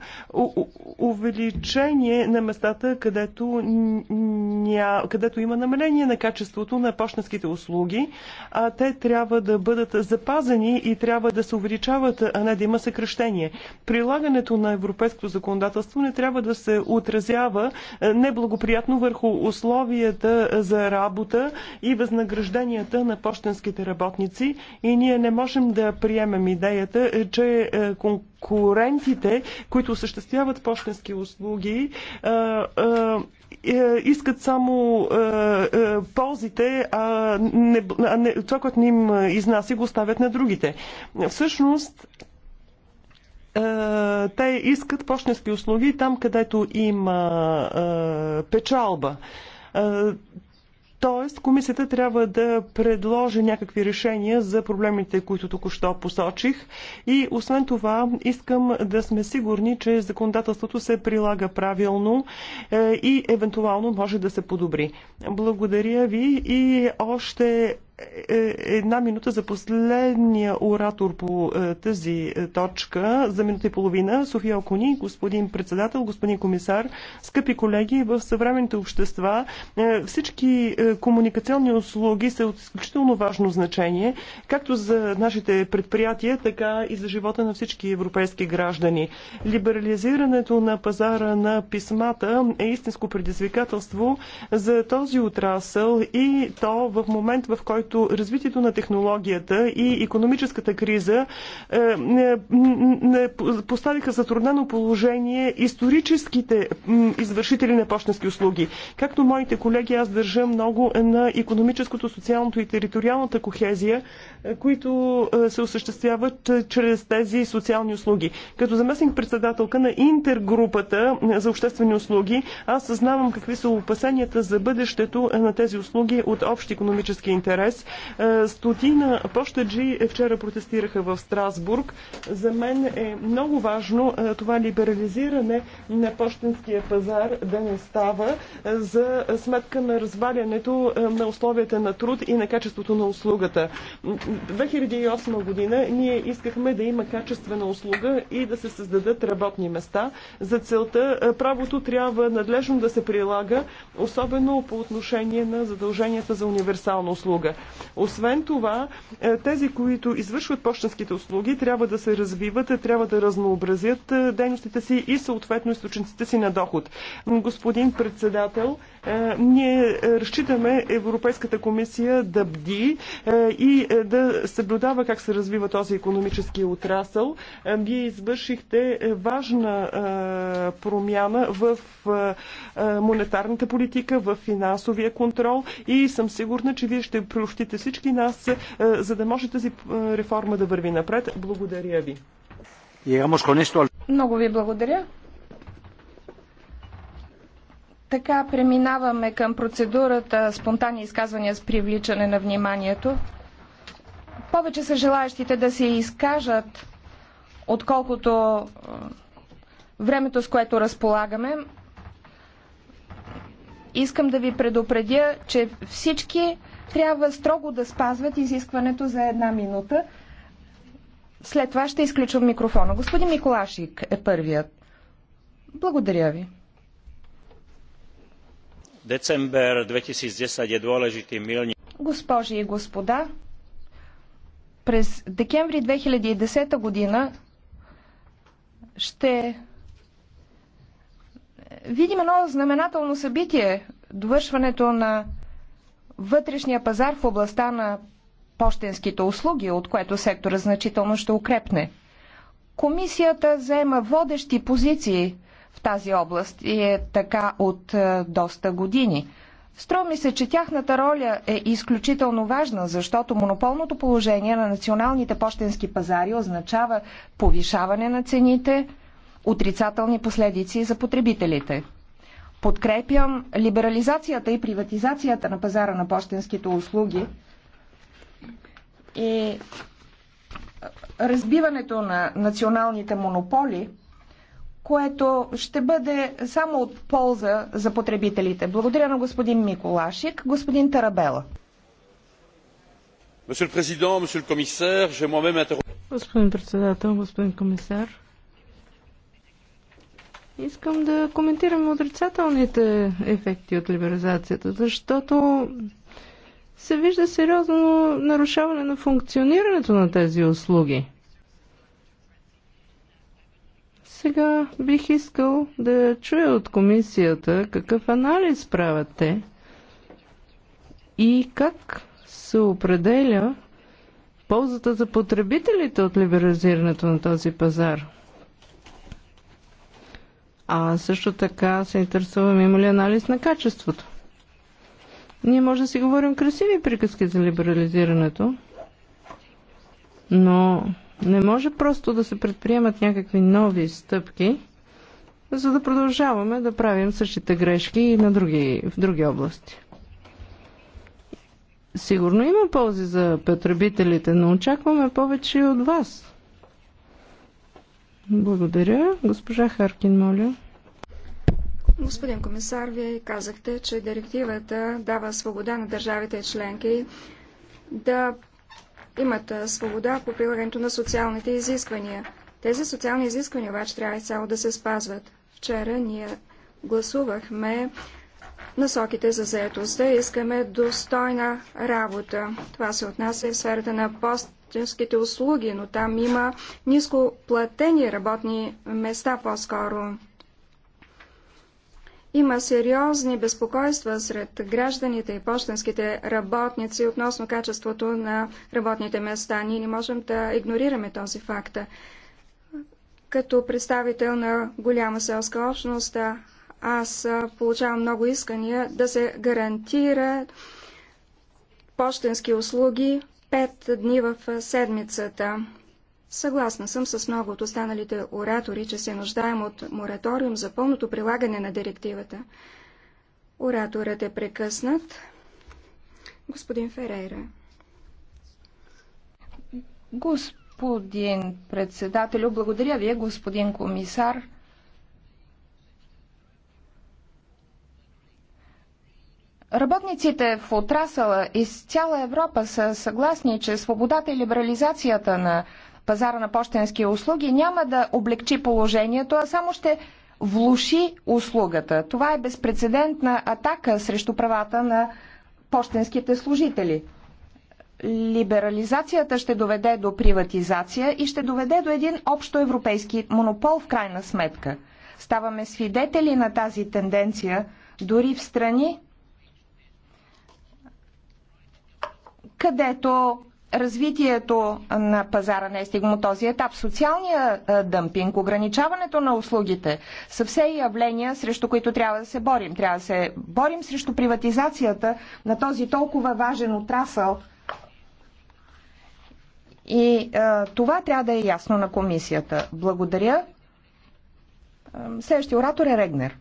увеличение на местата, където, ня... където има намаление на качеството на почтенските услуги, а те трябва да бъдат запазени и трябва да се увеличават, а не да има съкръщение. Прилагането на европейското законодателство не трябва да се отразява неблагоприятно върху условията за работа и възнагражденията на почтенските женските работници и ние не можем да приемем идеята, е, че е, конкурентите, които осъществяват почтенски услуги, е, искат само ползите, а, не, а не, това, което ни им изнася, го оставят на другите. Всъщност, те искат почтенски услуги там, където има печалба Тоест, комисията трябва да предложи някакви решения за проблемите, които току-що посочих. И освен това, искам да сме сигурни, че законодателството се прилага правилно е, и евентуално може да се подобри. Благодаря ви и още е, една минута за последния оратор по е, тази е, точка, за минута и половина. София Окуни, господин председател, господин комисар, скъпи колеги, в съвременните общества всички комуникационни услуги са от изключително важно значение, както за нашите предприятия, така и за живота на всички европейски граждани. Либерализирането на пазара на писмата е истинско предизвикателство за този отрасъл и то в момент, в който като развитието на технологията и економическата криза е, поставиха затруднено положение историческите извършители на почтенски услуги. Както моите колеги, аз държа много на економическото, социалното и териториалната кохезия, е, които е, се осъществяват чрез тези социални услуги. Като заместник председателка на интергрупата за обществени услуги, аз съзнавам какви са опасенията за бъдещето на тези услуги от общ економически интерес днес. Е, стотина пощаджи вчера протестираха в Страсбург. За мен е много важно е, това либерализиране на пощенския пазар да не става е, за сметка на развалянето на условията на труд и на качеството на услугата. 2008 година ние искахме да има качествена услуга и да се създадат работни места. За целта правото трябва надлежно да се прилага, особено по отношение на задълженията за универсална услуга. Освен това, е, тези, които извършват почтенските услуги, трябва да се развиват, е, трябва да разнообразят е, дейностите си и съответно източниците си на доход. Господин председател, ние разчитаме Европейската комисия да бди и да съблюдава как се развива този економически отрасъл. Вие извършихте важна промяна в монетарната политика, в финансовия контрол и съм сигурна, че вие ще общите всички нас, е, за да може тази е, реформа да върви напред. Благодаря ви. Много ви благодаря. Така преминаваме към процедурата спонтанни изказвания с привличане на вниманието. Повече са желаящите да се изкажат, отколкото е, времето, с което разполагаме. Искам да ви предупредя, че всички трябва строго да спазват изискването за една минута. След това ще изключвам микрофона. Господин Миколашик е първият. Благодаря ви. Децембер 2010 е dôležitý милни. Госпожи и господа, през декември 2010 година ще видим едно знаменателно събитие довършването на вътрешния пазар в областта на почтенските услуги, от което сектора значително ще укрепне. Комисията заема водещи позиции в тази област и е така от е, доста години. Строми ми се, че тяхната роля е изключително важна, защото монополното положение на националните почтенски пазари означава повишаване на цените, отрицателни последици за потребителите. Подкрепям либерализацията и приватизацията на пазара на почтенските услуги и разбиването на националните монополи, което ще бъде само от полза за потребителите. Благодаря на господин Миколашик. Господин Тарабела. Господин председател, господин комисар, Искам да коментирам отрицателните ефекти от либерализацията, защото се вижда сериозно нарушаване на функционирането на тези услуги. Сега бих искал да чуя от комисията какъв анализ правят те и как се определя ползата за потребителите от либерализирането на този пазар. А също така се интересуваме има ли анализ на качеството. Ние може да си говорим красиви приказки за либерализирането, но не може просто да се предприемат някакви нови стъпки, за да продължаваме да правим същите грешки и на други, в други области. Сигурно има ползи за потребителите, но очакваме повече и от вас. Благодаря. Госпожа Харкин, моля. Господин комисар, вие казахте, че директивата дава свобода на държавите членки да имат свобода по прилагането на социалните изисквания. Тези социални изисквания обаче трябва изцяло да се спазват. Вчера ние гласувахме насоките за заетостта. Искаме достойна работа. Това се отнася и в сферата на постинските услуги, но там има ниско платени работни места по-скоро. Има сериозни безпокойства сред гражданите и почтенските работници относно качеството на работните места. Ние не можем да игнорираме този факт. Като представител на голяма селска общност, аз получавам много искания да се гарантира почтенски услуги 5 дни в седмицата. Съгласна съм с много от останалите оратори, че се нуждаем от мораториум за пълното прилагане на директивата. Ораторът е прекъснат. Господин Ферейра. Господин председателю, благодаря ви, господин комисар. Работниците в отрасъла из цяла Европа са съгласни, че свободата и либерализацията на пазара на почтенски услуги няма да облегчи положението, а само ще влуши услугата. Това е безпредседентна атака срещу правата на почтенските служители. Либерализацията ще доведе до приватизация и ще доведе до един общо европейски монопол в крайна сметка. Ставаме свидетели на тази тенденция дори в страни, където развитието на пазара не е стигнало този етап. Социалния е, дъмпинг, ограничаването на услугите са все явления, срещу които трябва да се борим. Трябва да се борим срещу приватизацията на този толкова важен отрасъл. И а, е, това трябва да е ясно на комисията. Благодаря. Е, следващия оратор е Регнер.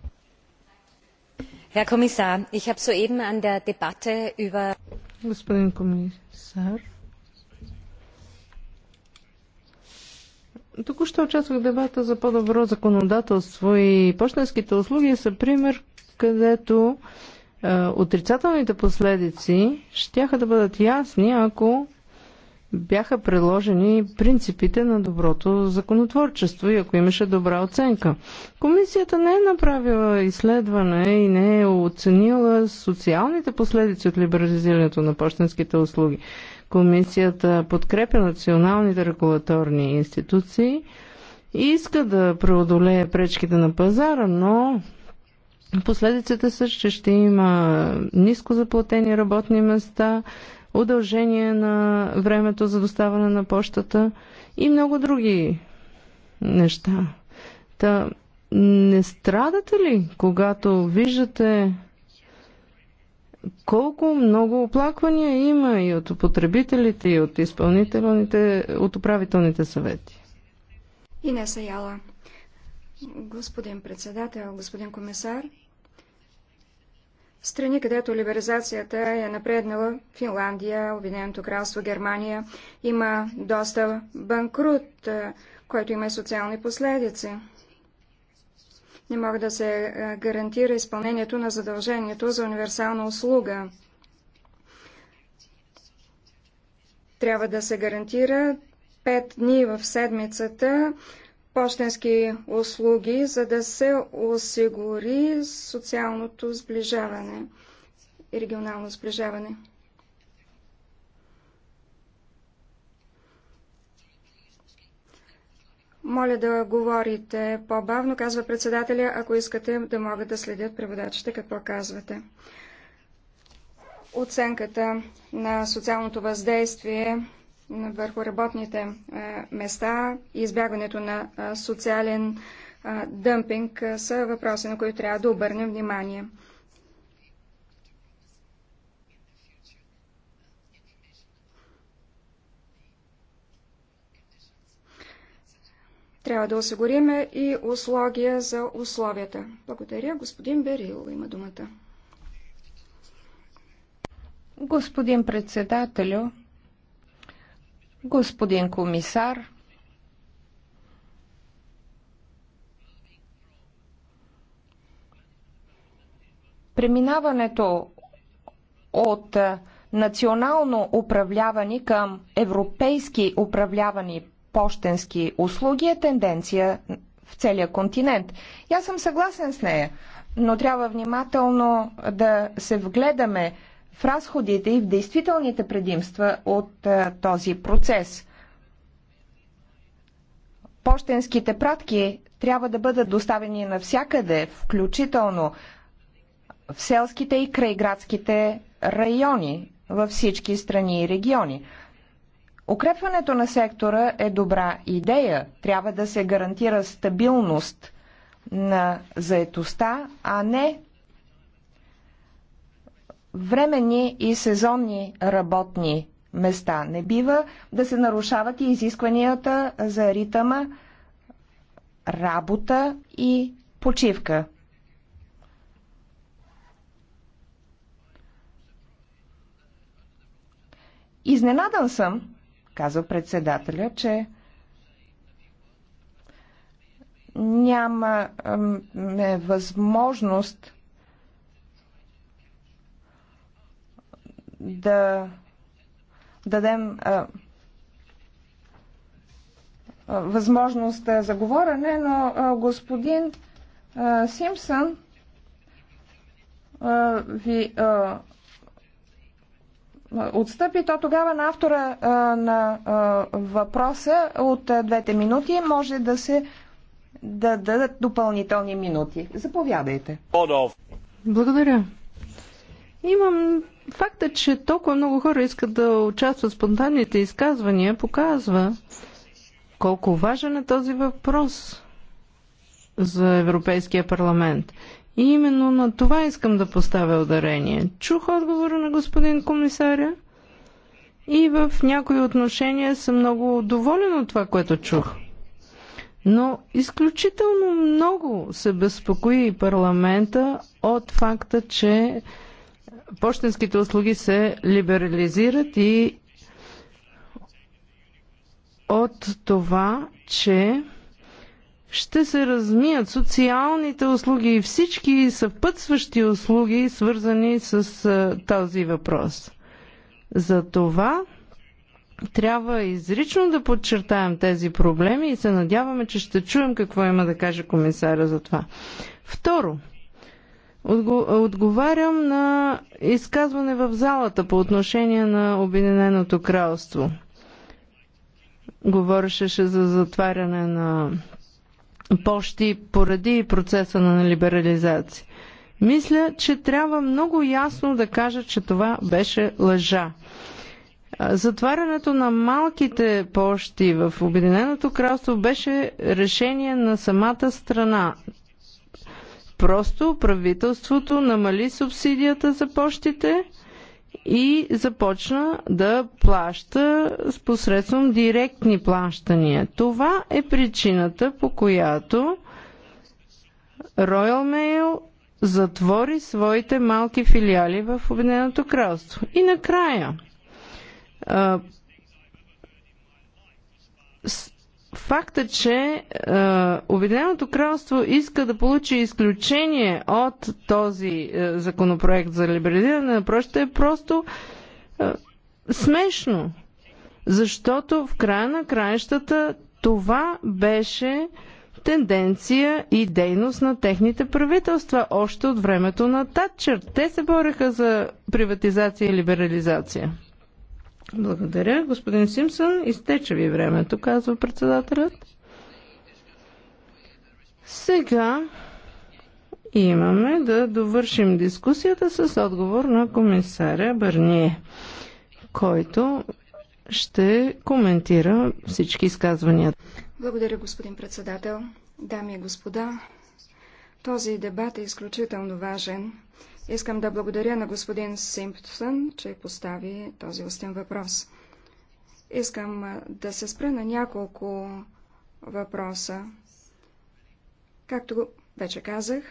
Herr Kommissar, ich habe soeben an der Debatte über Господин комисар, Току-що участвах в дебата за по-добро законодателство и почтенските услуги са пример, където е, отрицателните последици щяха да бъдат ясни, ако бяха предложени принципите на доброто законотворчество и ако имаше добра оценка. Комисията не е направила изследване и не е оценила социалните последици от либерализирането на почтенските услуги. Комисията подкрепя националните регулаторни институции и иска да преодолее пречките на пазара, но последиците са, че ще има ниско заплатени работни места, удължение на времето за доставане на почтата и много други неща. Та, не страдате ли, когато виждате колко много оплаквания има и от потребителите, и от изпълнителните, от управителните съвети? И не са яла. Господин председател, господин комисар, Страни, където либеризацията е напреднала, Финландия, Обединеното кралство, Германия, има доста банкрут, който има и социални последици. Не мога да се гарантира изпълнението на задължението за универсална услуга. Трябва да се гарантира 5 дни в седмицата почтенски услуги, за да се осигури социалното сближаване и регионално сближаване. Моля да говорите по-бавно, казва председателя, ако искате да могат да следят преводачите какво казвате. Оценката на социалното въздействие върху работните е, места и избягването на е, социален е, дъмпинг са въпроси, на които трябва да обърнем внимание. Трябва да осигурим и условия за условията. Благодаря. Господин Берил има думата. Господин председателю, Господин комисар, преминаването от национално управлявани към европейски управлявани пощенски услуги е тенденция в целия континент. Я аз съм съгласен с нея, но трябва внимателно да се вгледаме в разходите и в действителните предимства от а, е, този процес. Пощенските пратки трябва да бъдат доставени навсякъде, включително в селските и крайградските райони във всички страни и региони. Укрепването на сектора е добра идея. Трябва да се гарантира стабилност на заетостта, а не временни и сезонни работни места. Не бива да се нарушават и изискванията за ритъма работа и почивка. Изненадан съм, казва председателя, че няма е, възможност да дадем а, а, възможност за говорене, но а, господин а, Симпсън а, ви а, отстъпи, то тогава на автора а, на а, въпроса от а, двете минути може да се да дадат допълнителни минути. Заповядайте. Благодаря. Имам факта, че толкова много хора искат да участват в спонтанните изказвания, показва колко важен е този въпрос за Европейския парламент. И именно на това искам да поставя ударение. Чух отговора на господин комисаря и в някои отношения съм много доволен от това, което чух. Но изключително много се безпокои парламента от факта, че почтенските услуги се либерализират и от това, че ще се размият социалните услуги и всички съпътстващи услуги, свързани с този въпрос. За това трябва изрично да подчертаем тези проблеми и се надяваме, че ще чуем какво има да каже комисаря за това. Второ, Отговарям на изказване в залата по отношение на Обединеното кралство. Говореше за затваряне на пощи поради процеса на либерализация. Мисля, че трябва много ясно да кажа, че това беше лъжа. Затварянето на малките пощи в Обединеното кралство беше решение на самата страна. Просто правителството намали субсидията за почтите и започна да плаща с посредством директни плащания. Това е причината, по която Royal Mail затвори своите малки филиали в Обединеното кралство. И накрая, факта, че е, Обединеното кралство иска да получи изключение от този е, законопроект за либерализиране на Прощата, е просто е, смешно. Защото в края на краищата това беше тенденция и дейност на техните правителства още от времето на Татчер. Те се бореха за приватизация и либерализация. Благодаря. Господин Симсън, изтече ви времето, казва председателят. Сега имаме да довършим дискусията с отговор на комисаря Бърние, който ще коментира всички изказвания. Благодаря, господин председател. Дами и господа, този дебат е изключително важен. Искам да благодаря на господин Симптън, че постави този устен въпрос. Искам да се спра на няколко въпроса. Както вече казах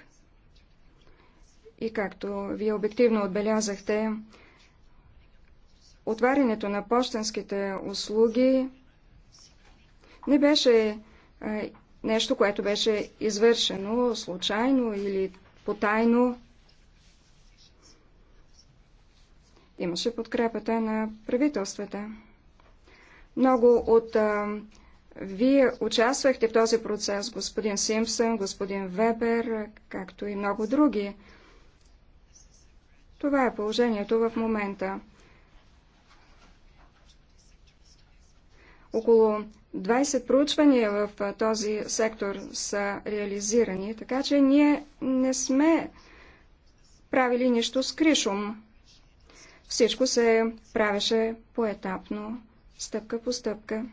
и както вие обективно отбелязахте, отварянето на почтенските услуги не беше нещо, което беше извършено случайно или потайно. Имаше подкрепата на правителствата. Много от а, вие участвахте в този процес, господин Симпсън, господин Вебер, както и много други. Това е положението в момента. Около 20 проучвания в този сектор са реализирани, така че ние не сме правили нищо с кришум. Всичко се правеше поетапно, стъпка по стъпка.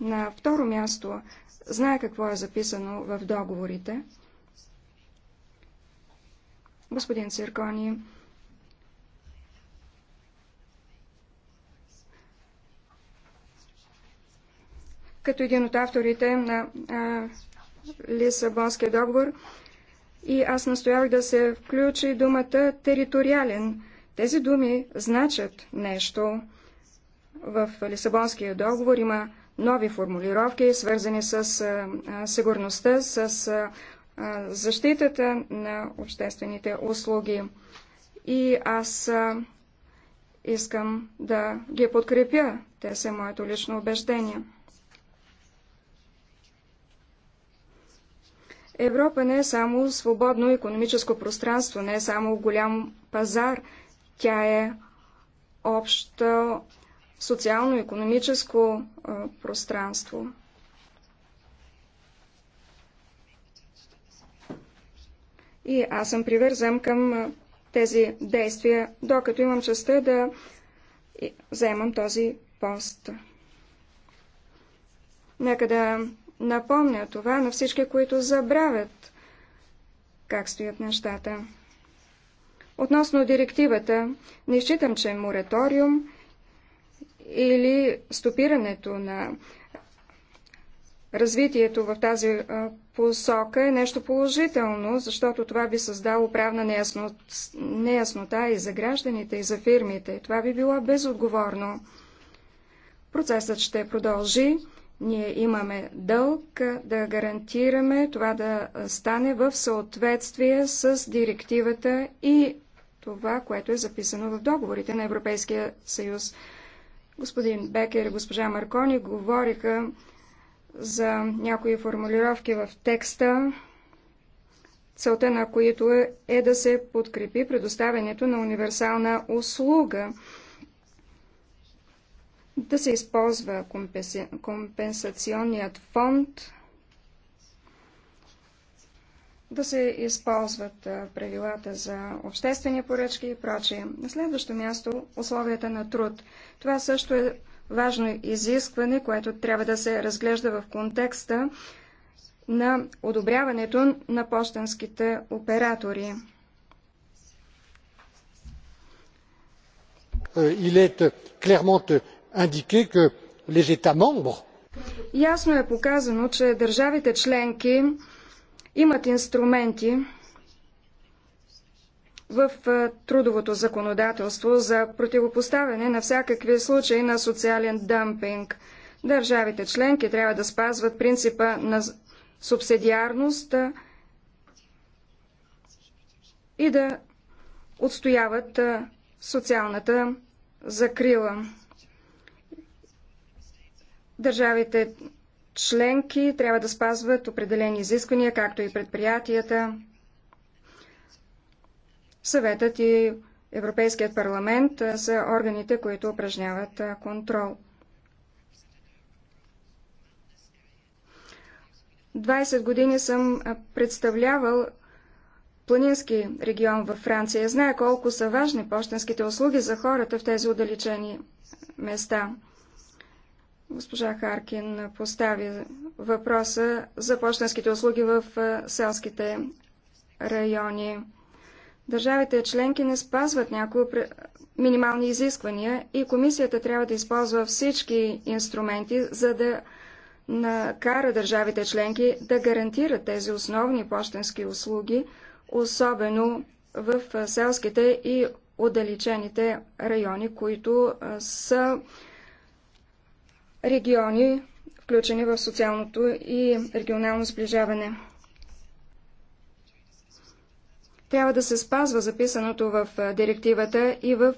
На второ място, знае какво е записано в договорите. Господин Циркони, като един от авторите на а, Лисабонския договор, и аз настоявах да се включи думата териториален тези думи значат нещо. В Лисабонския договор има нови формулировки, свързани с сигурността, с защитата на обществените услуги. И аз искам да ги подкрепя. Те са моето лично убеждение. Европа не е само свободно економическо пространство, не е само голям пазар – тя е общо социално-економическо пространство. И аз съм привързан към тези действия, докато имам честа да заемам този пост. Нека да напомня това на всички, които забравят как стоят нещата. Относно директивата, не считам, че е мораториум или стопирането на развитието в тази посока е нещо положително, защото това би създало правна неясно... неяснота и за гражданите, и за фирмите. Това би било безотговорно. Процесът ще продължи. Ние имаме дълг да гарантираме това да стане в съответствие с директивата и това, което е записано в договорите на Европейския съюз. Господин Бекер и госпожа Маркони говориха за някои формулировки в текста, целта на които е, е да се подкрепи предоставянето на универсална услуга, да се използва компенсационният фонд да се използват правилата за обществени поръчки и прочие. На следващо място условията на труд. Това също е важно изискване, което трябва да се разглежда в контекста на одобряването на почтенските оператори. Е, il est clairement indiqué que les États membres. Ясно е показано, че държавите членки имат инструменти в трудовото законодателство за противопоставяне на всякакви случаи на социален дъмпинг. Държавите членки трябва да спазват принципа на субсидиарност и да отстояват социалната закрила. Държавите членки трябва да спазват определени изисквания, както и предприятията. Съветът и Европейският парламент са органите, които упражняват контрол. 20 години съм представлявал планински регион във Франция. Зная колко са важни почтенските услуги за хората в тези отдалечени места. Госпожа Харкин постави въпроса за почтенските услуги в селските райони. Държавите членки не спазват някои минимални изисквания и комисията трябва да използва всички инструменти, за да накара държавите членки да гарантират тези основни почтенски услуги, особено в селските и отдалечените райони, които са региони, включени в социалното и регионално сближаване. Трябва да се спазва записаното в директивата и в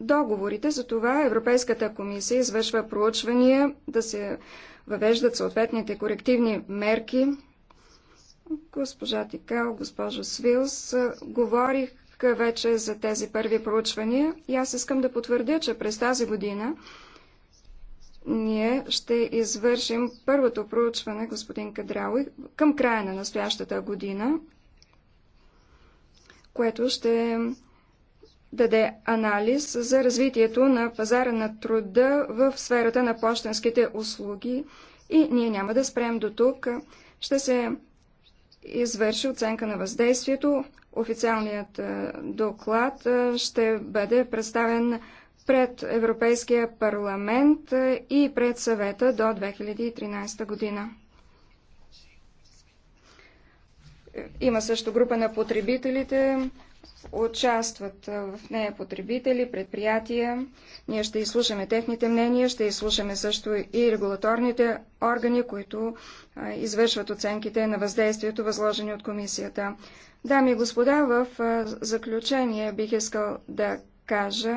договорите, за това Европейската комисия извършва проучвания да се въвеждат съответните корективни мерки. Госпожа Тикал, госпожо Свилс, говорих вече за тези първи проучвания и аз искам да потвърдя, че през тази година ние ще извършим първото проучване, господин Кадрауи, към края на настоящата година, което ще даде анализ за развитието на пазара на труда в сферата на почтенските услуги и ние няма да спрем до тук. Ще се извърши оценка на въздействието. Официалният доклад ще бъде представен пред Европейския парламент и пред съвета до 2013 година. Има също група на потребителите, участват в нея потребители, предприятия. Ние ще изслушаме техните мнения, ще изслушаме също и регулаторните органи, които извършват оценките на въздействието, възложени от комисията. Дами и господа, в заключение бих искал да кажа,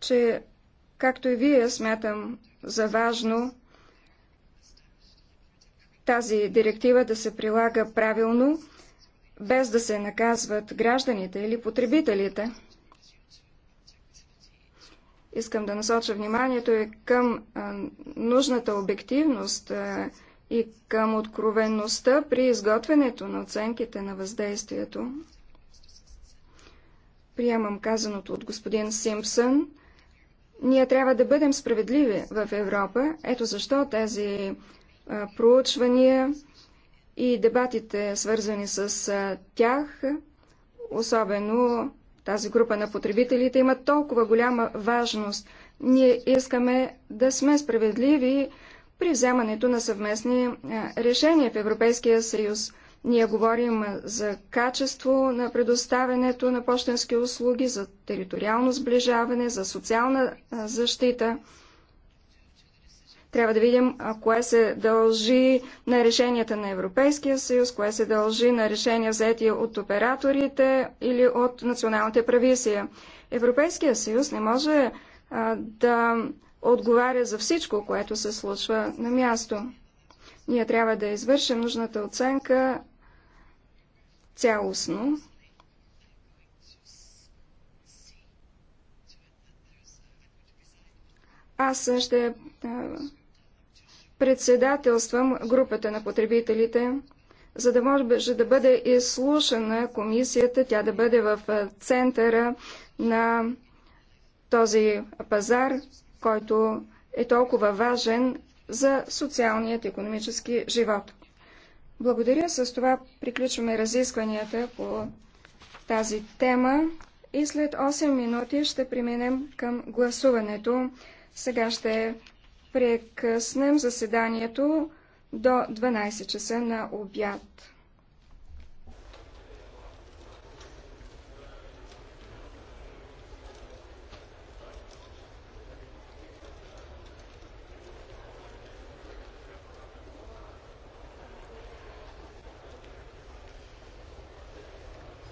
че, както и вие смятам за важно, тази директива да се прилага правилно, без да се наказват гражданите или потребителите. Искам да насоча вниманието и към а, нужната обективност а, и към откровенността при изготвянето на оценките на въздействието. Приемам казаното от господин Симпсън ние трябва да бъдем справедливи в Европа. Ето защо тези проучвания и дебатите, свързани с тях, особено тази група на потребителите, имат толкова голяма важност. Ние искаме да сме справедливи при вземането на съвместни решения в Европейския съюз – ние говорим за качество на предоставянето на почтенски услуги, за териториално сближаване, за социална защита. Трябва да видим кое се дължи на решенията на Европейския съюз, кое се дължи на решения взети от операторите или от националните прависия. Европейския съюз не може а, да отговаря за всичко, което се случва на място. Ние трябва да извършим нужната оценка цялостно. Аз ще председателствам групата на потребителите, за да може да бъде изслушана комисията, тя да бъде в центъра на този пазар, който е толкова важен за социалният и економически живот. Благодаря. С това приключваме разискванията по тази тема и след 8 минути ще преминем към гласуването. Сега ще прекъснем заседанието до 12 часа на обяд.